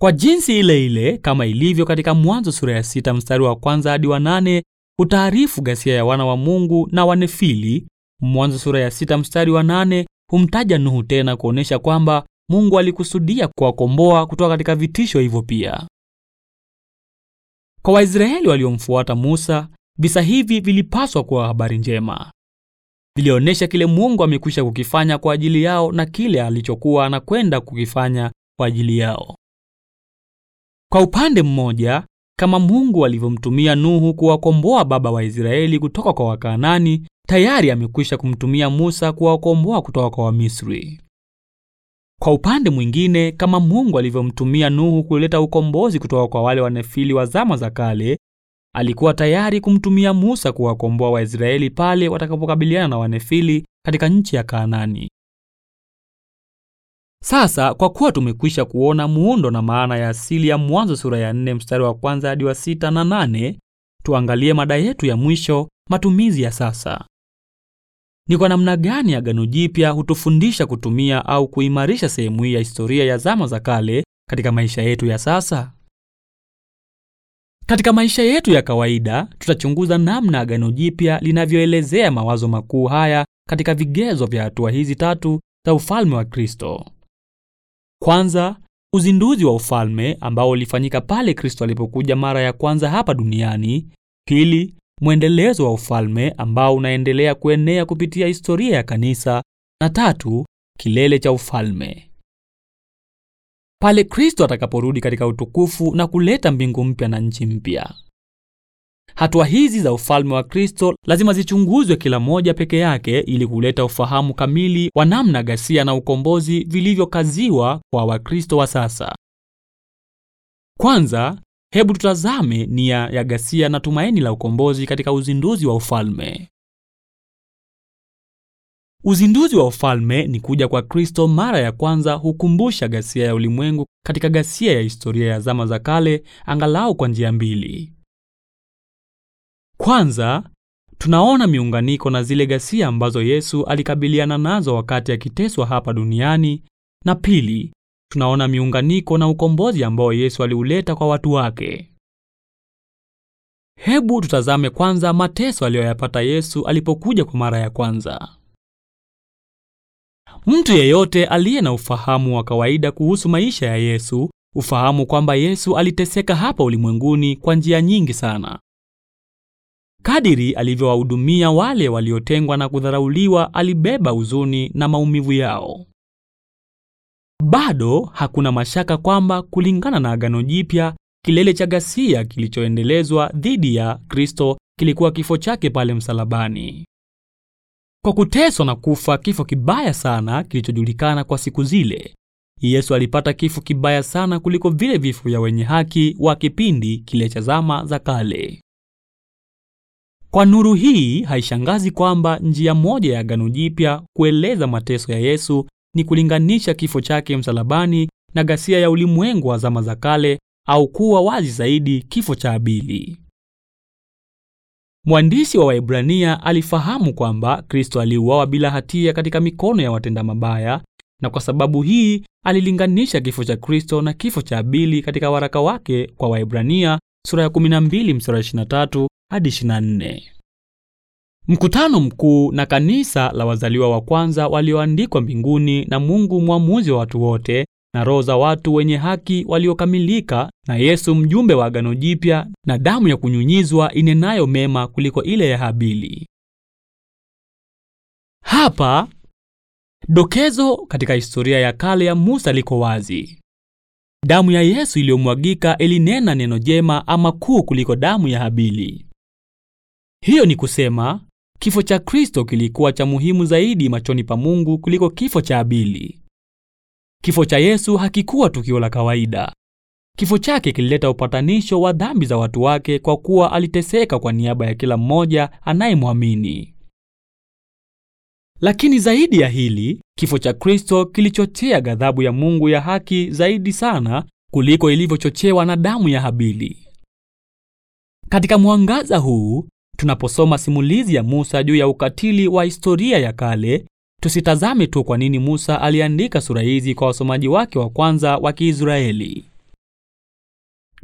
Kwa jinsi ile ile kama ilivyo katika Mwanzo sura ya sita mstari wa kwanza hadi wa nane utaarifu ghasia ya wana wa Mungu na Wanefili. Mwanzo sura ya sita mstari wa nane humtaja Nuhu tena kuonesha kwamba Mungu alikusudia kuwakomboa kutoka katika vitisho hivyo pia. Kwa Waisraeli waliomfuata Musa, visa hivi vilipaswa kuwa habari njema. Vilionyesha kile Mungu amekwisha kukifanya kwa ajili yao na kile alichokuwa anakwenda kukifanya kwa ajili yao. Kwa upande mmoja, kama Mungu alivyomtumia Nuhu kuwakomboa baba wa Israeli kutoka kwa Wakaanani, tayari amekwisha kumtumia Musa kuwakomboa kutoka kwa Wamisri. Kwa upande mwingine, kama Mungu alivyomtumia Nuhu kuleta ukombozi kutoka kwa wale wanefili wa zama za kale, alikuwa tayari kumtumia Musa kuwakomboa Waisraeli pale watakapokabiliana na wanefili katika nchi ya Kanaani. Sasa kwa kuwa tumekwisha kuona muundo na maana ya asili ya Mwanzo sura ya 4 mstari wa kwanza hadi wa sita na nane, tuangalie mada yetu ya mwisho, matumizi ya sasa. Ni kwa namna gani Agano Jipya hutufundisha kutumia au kuimarisha sehemu hii ya historia ya zama za kale katika maisha yetu ya sasa? Katika maisha yetu ya kawaida, tutachunguza namna Agano Jipya linavyoelezea mawazo makuu haya katika vigezo vya hatua hizi tatu za ufalme wa Kristo. Kwanza, uzinduzi wa ufalme ambao ulifanyika pale Kristo alipokuja mara ya kwanza hapa duniani. Pili, mwendelezo wa ufalme ambao unaendelea kuenea kupitia historia ya kanisa, na tatu, kilele cha ufalme pale Kristo atakaporudi katika utukufu na kuleta mbingu mpya na nchi mpya. Hatua hizi za ufalme wa Kristo lazima zichunguzwe kila moja peke yake ili kuleta ufahamu kamili wa namna ghasia na ukombozi vilivyokaziwa kwa Wakristo wa sasa. Kwanza, Hebu tutazame nia ya gasia na tumaini la ukombozi katika uzinduzi wa ufalme. Uzinduzi wa ufalme ni kuja kwa Kristo mara ya kwanza hukumbusha gasia ya ulimwengu katika gasia ya historia ya zama za kale, angalau kwa njia mbili. Kwanza, tunaona miunganiko na zile ghasia ambazo Yesu alikabiliana nazo wakati akiteswa hapa duniani, na pili, tunaona miunganiko na ukombozi ambao Yesu aliuleta kwa watu wake. Hebu tutazame kwanza mateso aliyoyapata Yesu alipokuja kwa mara ya kwanza. Mtu yeyote aliye na ufahamu wa kawaida kuhusu maisha ya Yesu ufahamu kwamba Yesu aliteseka hapa ulimwenguni kwa njia nyingi sana. Kadiri alivyowahudumia wale waliotengwa na kudharauliwa, alibeba huzuni na maumivu yao. Bado hakuna mashaka kwamba kulingana na Agano Jipya, kilele cha ghasia kilichoendelezwa dhidi ya Kristo kilikuwa kifo chake pale msalabani. Kwa kuteswa na kufa kifo kibaya sana kilichojulikana kwa siku zile, Yesu alipata kifo kibaya sana kuliko vile vifo vya wenye haki wa kipindi kile cha zama za kale. Kwa nuru hii, haishangazi kwamba njia moja ya Agano Jipya kueleza mateso ya Yesu ni kulinganisha kifo chake msalabani na ghasia ya ulimwengu wa zama za kale, au kuwa wazi zaidi, kifo cha abili Mwandishi wa Waebrania alifahamu kwamba Kristo aliuawa bila hatia katika mikono ya watenda mabaya, na kwa sababu hii alilinganisha kifo cha Kristo na kifo cha abili katika waraka wake kwa Waebrania sura ya 12 mstari 23 hadi 24. Mkutano mkuu na kanisa la wazaliwa wa kwanza walioandikwa mbinguni na Mungu mwamuzi wa watu wote na roho za watu wenye haki waliokamilika na Yesu mjumbe wa agano jipya na damu ya kunyunyizwa inenayo mema kuliko ile ya Habili. Hapa dokezo katika historia ya kale ya Musa liko wazi. Damu ya Yesu iliyomwagika ilinena neno jema ama kuu kuliko damu ya Habili. Hiyo ni kusema Kifo cha Kristo kilikuwa cha muhimu zaidi machoni pa Mungu kuliko kifo cha Abili. Kifo cha Yesu hakikuwa tukio la kawaida. Kifo chake kilileta upatanisho wa dhambi za watu wake kwa kuwa aliteseka kwa niaba ya kila mmoja anayemwamini. Lakini zaidi ya hili, kifo cha Kristo kilichochea ghadhabu ya Mungu ya haki zaidi sana kuliko ilivyochochewa na damu ya Habili. Katika mwangaza huu, Tunaposoma simulizi ya Musa juu ya ukatili wa historia ya kale, tusitazame tu kwa nini Musa aliandika sura hizi kwa wasomaji wake wa kwanza wa Kiisraeli.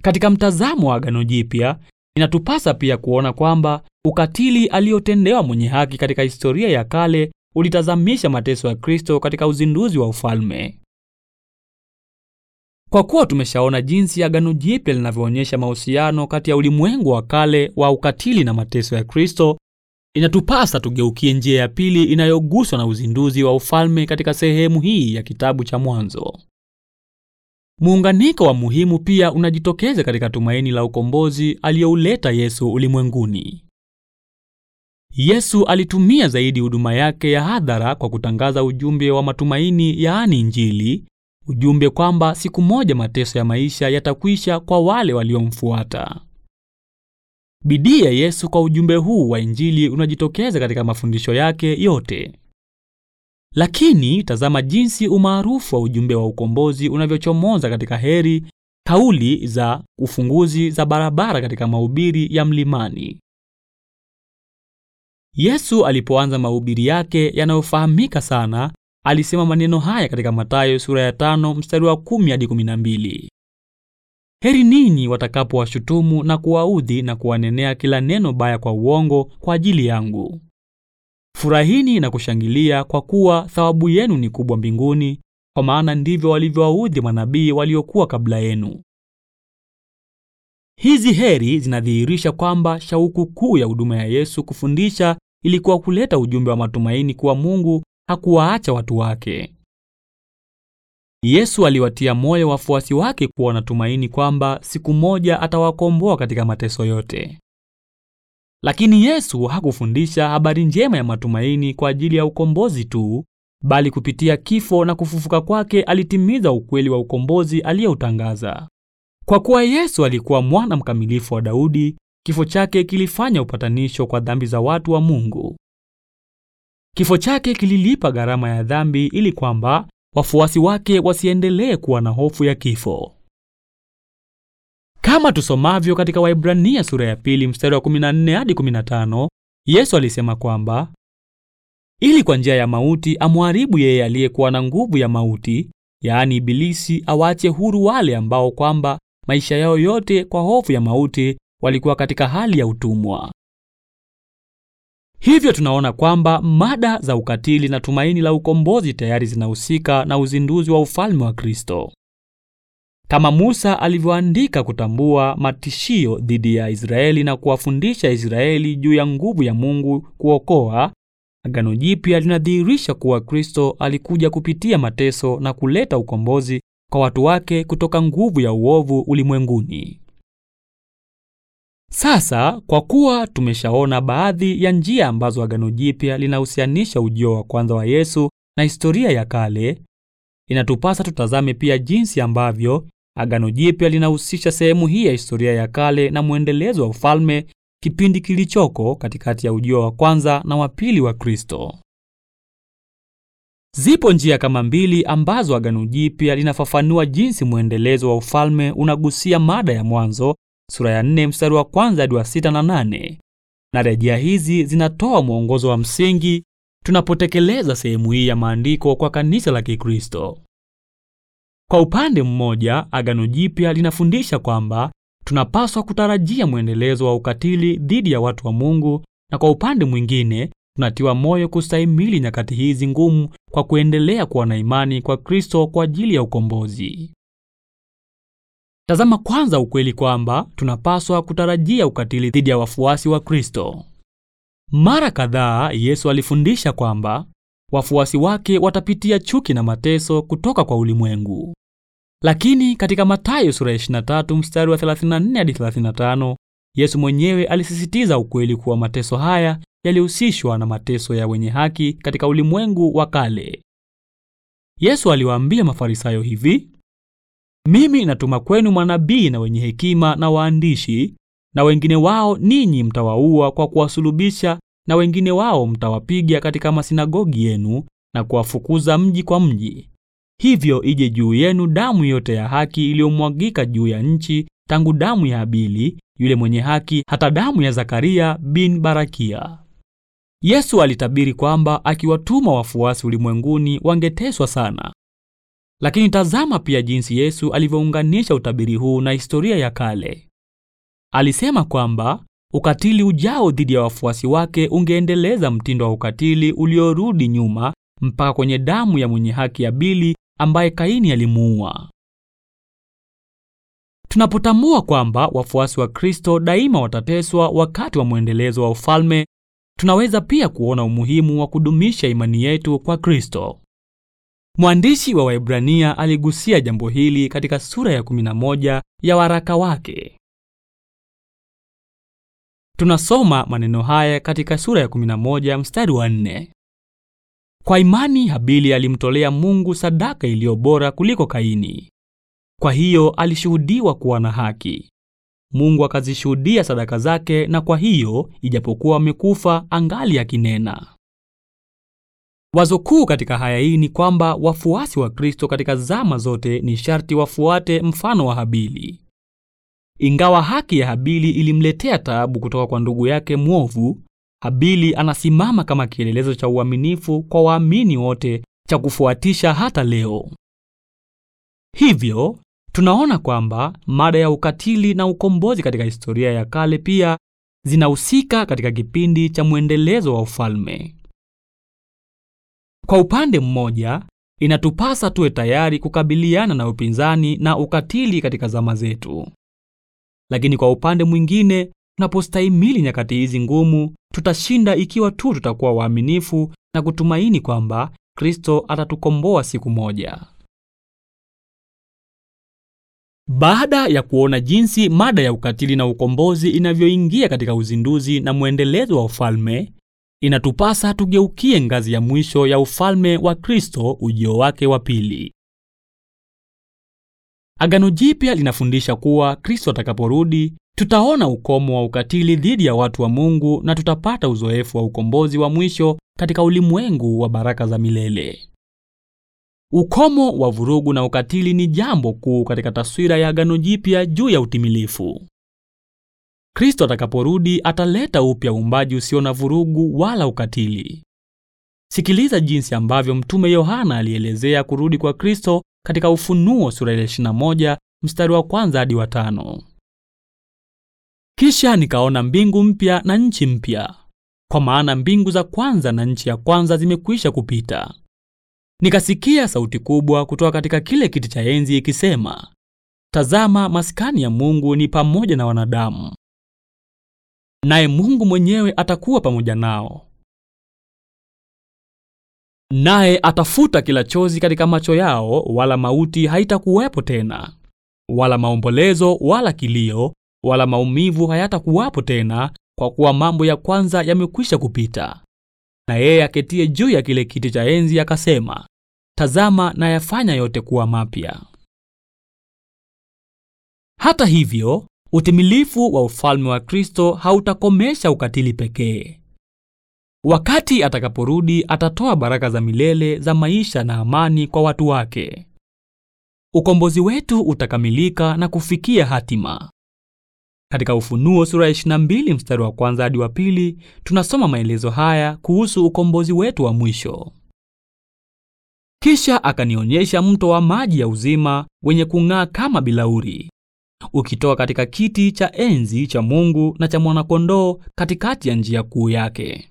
Katika mtazamo wa Agano Jipya, inatupasa pia kuona kwamba ukatili aliotendewa mwenye haki katika historia ya kale ulitazamisha mateso ya Kristo katika uzinduzi wa ufalme. Kwa kuwa tumeshaona jinsi agano jipya linavyoonyesha mahusiano kati ya ulimwengu wa kale wa ukatili na mateso ya Kristo, inatupasa tugeukie njia ya pili inayoguswa na uzinduzi wa ufalme katika sehemu hii ya kitabu cha Mwanzo. Muunganiko wa muhimu pia unajitokeza katika tumaini la ukombozi aliyouleta Yesu ulimwenguni. Yesu alitumia zaidi huduma yake ya hadhara kwa kutangaza ujumbe wa matumaini, yaani njili ujumbe kwamba siku moja mateso ya maisha yatakwisha kwa wale waliomfuata. Bidii ya Yesu kwa ujumbe huu wa Injili unajitokeza katika mafundisho yake yote. Lakini tazama jinsi umaarufu wa ujumbe wa ukombozi unavyochomoza katika heri, kauli za ufunguzi za barabara katika mahubiri ya mlimani. Yesu alipoanza mahubiri yake yanayofahamika sana, alisema maneno haya katika Mathayo sura ya tano mstari wa kumi hadi kumi na mbili heri ninyi watakapowashutumu na kuwaudhi na kuwanenea kila neno baya kwa uongo kwa ajili yangu. Furahini na kushangilia, kwa kuwa thawabu yenu ni kubwa mbinguni, kwa maana ndivyo walivyowaudhi manabii waliokuwa kabla yenu. Hizi heri zinadhihirisha kwamba shauku kuu ya huduma ya Yesu kufundisha ilikuwa kuleta ujumbe wa matumaini kuwa Mungu hakuwaacha watu wake. Yesu aliwatia moyo wafuasi wake kuwa wanatumaini kwamba siku moja atawakomboa katika mateso yote. Lakini Yesu hakufundisha habari njema ya matumaini kwa ajili ya ukombozi tu, bali kupitia kifo na kufufuka kwake alitimiza ukweli wa ukombozi aliyoutangaza. Kwa kuwa Yesu alikuwa mwana mkamilifu wa Daudi, kifo chake kilifanya upatanisho kwa dhambi za watu wa Mungu. Kifo chake kililipa gharama ya dhambi ili kwamba wafuasi wake wasiendelee kuwa na hofu ya kifo. Kama tusomavyo katika Waibrania sura ya pili mstari wa 14 hadi 15, Yesu alisema kwamba ili kwa njia ya mauti amwharibu yeye aliyekuwa na nguvu ya mauti, yaani Ibilisi, awaache huru wale ambao kwamba maisha yao yote kwa hofu ya mauti walikuwa katika hali ya utumwa. Hivyo tunaona kwamba mada za ukatili na tumaini la ukombozi tayari zinahusika na uzinduzi wa ufalme wa Kristo. Kama Musa alivyoandika kutambua matishio dhidi ya Israeli na kuwafundisha Israeli juu ya nguvu ya Mungu kuokoa, Agano Jipya linadhihirisha kuwa Kristo alikuja kupitia mateso na kuleta ukombozi kwa watu wake kutoka nguvu ya uovu ulimwenguni. Sasa kwa kuwa tumeshaona baadhi ya njia ambazo Agano Jipya linahusianisha ujio wa kwanza wa Yesu na historia ya kale, inatupasa tutazame pia jinsi ambavyo Agano Jipya linahusisha sehemu hii ya historia ya kale na mwendelezo wa ufalme, kipindi kilichoko katikati ya ujio wa kwanza na wa pili wa Kristo. Zipo njia kama mbili ambazo Agano Jipya linafafanua jinsi mwendelezo wa ufalme unagusia mada ya mwanzo sura ya 4 mstari wa kwanza hadi wa sita na nane. Na rejea hizi zinatoa mwongozo wa msingi tunapotekeleza sehemu hii ya maandiko kwa kanisa la Kikristo. Kwa upande mmoja, Agano Jipya linafundisha kwamba tunapaswa kutarajia mwendelezo wa ukatili dhidi ya watu wa Mungu, na kwa upande mwingine tunatiwa moyo kustahimili nyakati hizi ngumu kwa kuendelea kuwa na imani kwa Kristo kwa ajili ya ukombozi. Tazama kwanza ukweli kwamba tunapaswa kutarajia ukatili dhidi ya wafuasi wa Kristo. Mara kadhaa Yesu alifundisha kwamba wafuasi wake watapitia chuki na mateso kutoka kwa ulimwengu. Lakini katika Mathayo sura ya 23 mstari wa 34 hadi 35, Yesu mwenyewe alisisitiza ukweli kuwa mateso haya yalihusishwa na mateso ya wenye haki katika ulimwengu wa kale. Yesu aliwaambia Mafarisayo hivi: mimi natuma kwenu manabii na wenye hekima na waandishi, na wengine wao ninyi mtawaua kwa kuwasulubisha, na wengine wao mtawapiga katika masinagogi yenu na kuwafukuza mji kwa mji. Hivyo ije juu yenu damu yote ya haki iliyomwagika juu ya nchi, tangu damu ya abili yule mwenye haki hata damu ya Zakaria bin Barakia. Yesu alitabiri kwamba akiwatuma wafuasi ulimwenguni wangeteswa sana, lakini tazama pia jinsi Yesu alivyounganisha utabiri huu na historia ya kale. Alisema kwamba ukatili ujao dhidi ya wafuasi wake ungeendeleza mtindo wa ukatili uliorudi nyuma mpaka kwenye damu ya mwenye haki ya Abili ambaye Kaini alimuua. Tunapotambua kwamba wafuasi wa Kristo daima watateswa wakati wa mwendelezo wa ufalme, tunaweza pia kuona umuhimu wa kudumisha imani yetu kwa Kristo. Mwandishi wa Waebrania aligusia jambo hili katika sura ya 11 ya waraka wake. Tunasoma maneno haya katika sura ya 11 mstari wa 4. Kwa imani Habili alimtolea Mungu sadaka iliyo bora kuliko Kaini. Kwa hiyo alishuhudiwa kuwa na haki. Mungu akazishuhudia sadaka zake na kwa hiyo ijapokuwa amekufa angali akinena. Wazo kuu katika haya hii ni kwamba wafuasi wa Kristo katika zama zote ni sharti wafuate mfano wa Habili. Ingawa haki ya Habili ilimletea taabu kutoka kwa ndugu yake mwovu, Habili anasimama kama kielelezo cha uaminifu kwa waamini wote cha kufuatisha hata leo. Hivyo tunaona kwamba mada ya ukatili na ukombozi katika historia ya kale pia zinahusika katika kipindi cha mwendelezo wa ufalme. Kwa upande mmoja, inatupasa tuwe tayari kukabiliana na upinzani na ukatili katika zama zetu, lakini kwa upande mwingine, tunapostahimili nyakati hizi ngumu, tutashinda ikiwa tu tutakuwa waaminifu na kutumaini kwamba Kristo atatukomboa siku moja. Baada ya kuona jinsi mada ya ukatili na ukombozi inavyoingia katika uzinduzi na mwendelezo wa ufalme, inatupasa tugeukie ngazi ya mwisho ya ufalme wa Kristo, ujio wake wa pili. Agano Jipya linafundisha kuwa Kristo atakaporudi tutaona ukomo wa ukatili dhidi ya watu wa Mungu na tutapata uzoefu wa ukombozi wa mwisho katika ulimwengu wa baraka za milele. Ukomo wa vurugu na ukatili ni jambo kuu katika taswira ya Agano Jipya juu ya utimilifu. Kristo atakaporudi ataleta upya uumbaji usio na vurugu wala ukatili. Sikiliza jinsi ambavyo Mtume Yohana alielezea kurudi kwa Kristo katika Ufunuo sura ya 21 mstari wa kwanza hadi wa tano. Kisha nikaona mbingu mpya na nchi mpya, kwa maana mbingu za kwanza na nchi ya kwanza zimekwisha kupita. Nikasikia sauti kubwa kutoka katika kile kiti cha enzi ikisema, Tazama, maskani ya Mungu ni pamoja na wanadamu, naye Mungu mwenyewe atakuwa pamoja nao, naye atafuta kila chozi katika macho yao, wala mauti haitakuwepo tena, wala maombolezo wala kilio wala maumivu hayatakuwapo tena, kwa kuwa mambo ya kwanza yamekwisha kupita. Na yeye aketie juu ya kile kiti cha enzi akasema, tazama, nayafanya yote kuwa mapya. Hata hivyo utimilifu wa ufalme wa Kristo hautakomesha ukatili pekee. Wakati atakaporudi, atatoa baraka za milele za maisha na amani kwa watu wake. Ukombozi wetu utakamilika na kufikia hatima. Katika Ufunuo sura ya 22 mstari wa kwanza hadi wa pili tunasoma maelezo haya kuhusu ukombozi wetu wa mwisho. Kisha akanionyesha mto wa maji ya uzima wenye kung'aa kama bilauri ukitoka katika kiti cha enzi cha Mungu na cha mwanakondoo katikati ya njia kuu yake.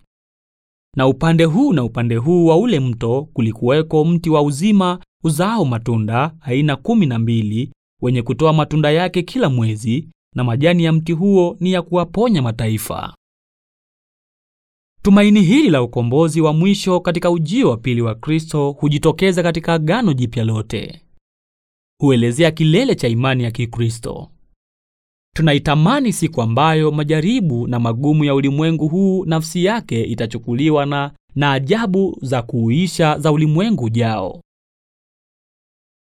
Na upande huu na upande huu wa ule mto kulikuweko mti wa uzima uzao matunda aina kumi na mbili wenye kutoa matunda yake kila mwezi, na majani ya mti huo ni ya kuwaponya mataifa. Tumaini hili la ukombozi wa mwisho katika ujio wa pili wa Kristo hujitokeza katika Agano Jipya lote huelezea kilele cha imani ya Kikristo. Tunaitamani siku ambayo majaribu na magumu ya ulimwengu huu nafsi yake itachukuliwa na na ajabu za kuuisha za ulimwengu ujao.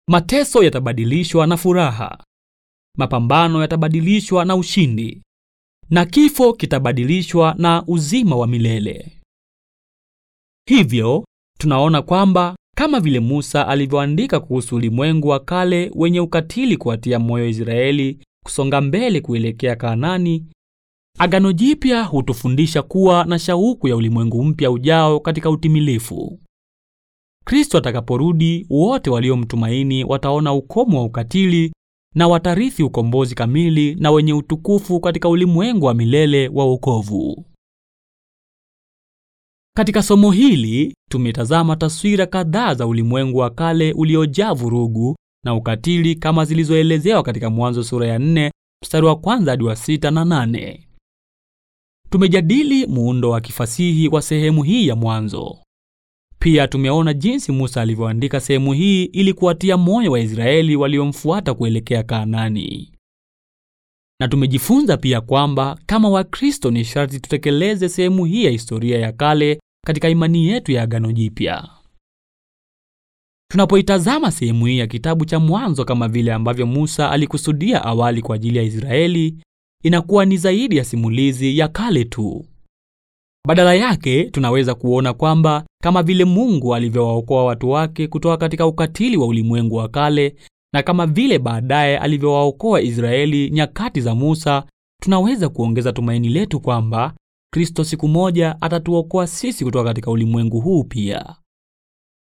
Mateso yatabadilishwa na furaha, mapambano yatabadilishwa na ushindi, na kifo kitabadilishwa na uzima wa milele. Hivyo tunaona kwamba kama vile Musa alivyoandika kuhusu ulimwengu wa kale wenye ukatili kuwatia moyo Israeli kusonga mbele kuelekea Kanaani. Agano Jipya hutufundisha kuwa na shauku ya ulimwengu mpya ujao katika utimilifu. Kristo atakaporudi, wote waliomtumaini wataona ukomo wa ukatili na watarithi ukombozi kamili na wenye utukufu katika ulimwengu wa milele wa wokovu. Katika somo hili tumetazama taswira kadhaa za ulimwengu wa kale uliojaa vurugu na ukatili kama zilizoelezewa katika Mwanzo sura ya 4 mstari wa kwanza hadi wa sita na nane. Tumejadili muundo wa kifasihi wa sehemu hii ya Mwanzo. Pia tumeona jinsi Musa alivyoandika sehemu hii ili kuwatia moyo wa Israeli waliomfuata kuelekea Kanaani. Na tumejifunza pia kwamba kama Wakristo ni sharti tutekeleze sehemu hii ya historia ya kale katika imani yetu ya Agano Jipya. Tunapoitazama sehemu hii ya kitabu cha Mwanzo kama vile ambavyo Musa alikusudia awali kwa ajili ya Israeli, inakuwa ni zaidi ya simulizi ya kale tu. Badala yake, tunaweza kuona kwamba kama vile Mungu alivyowaokoa watu wake kutoka katika ukatili wa ulimwengu wa kale na kama vile baadaye alivyowaokoa Israeli nyakati za Musa, tunaweza kuongeza tumaini letu kwamba Kristo siku moja atatuokoa sisi kutoka katika ulimwengu huu pia.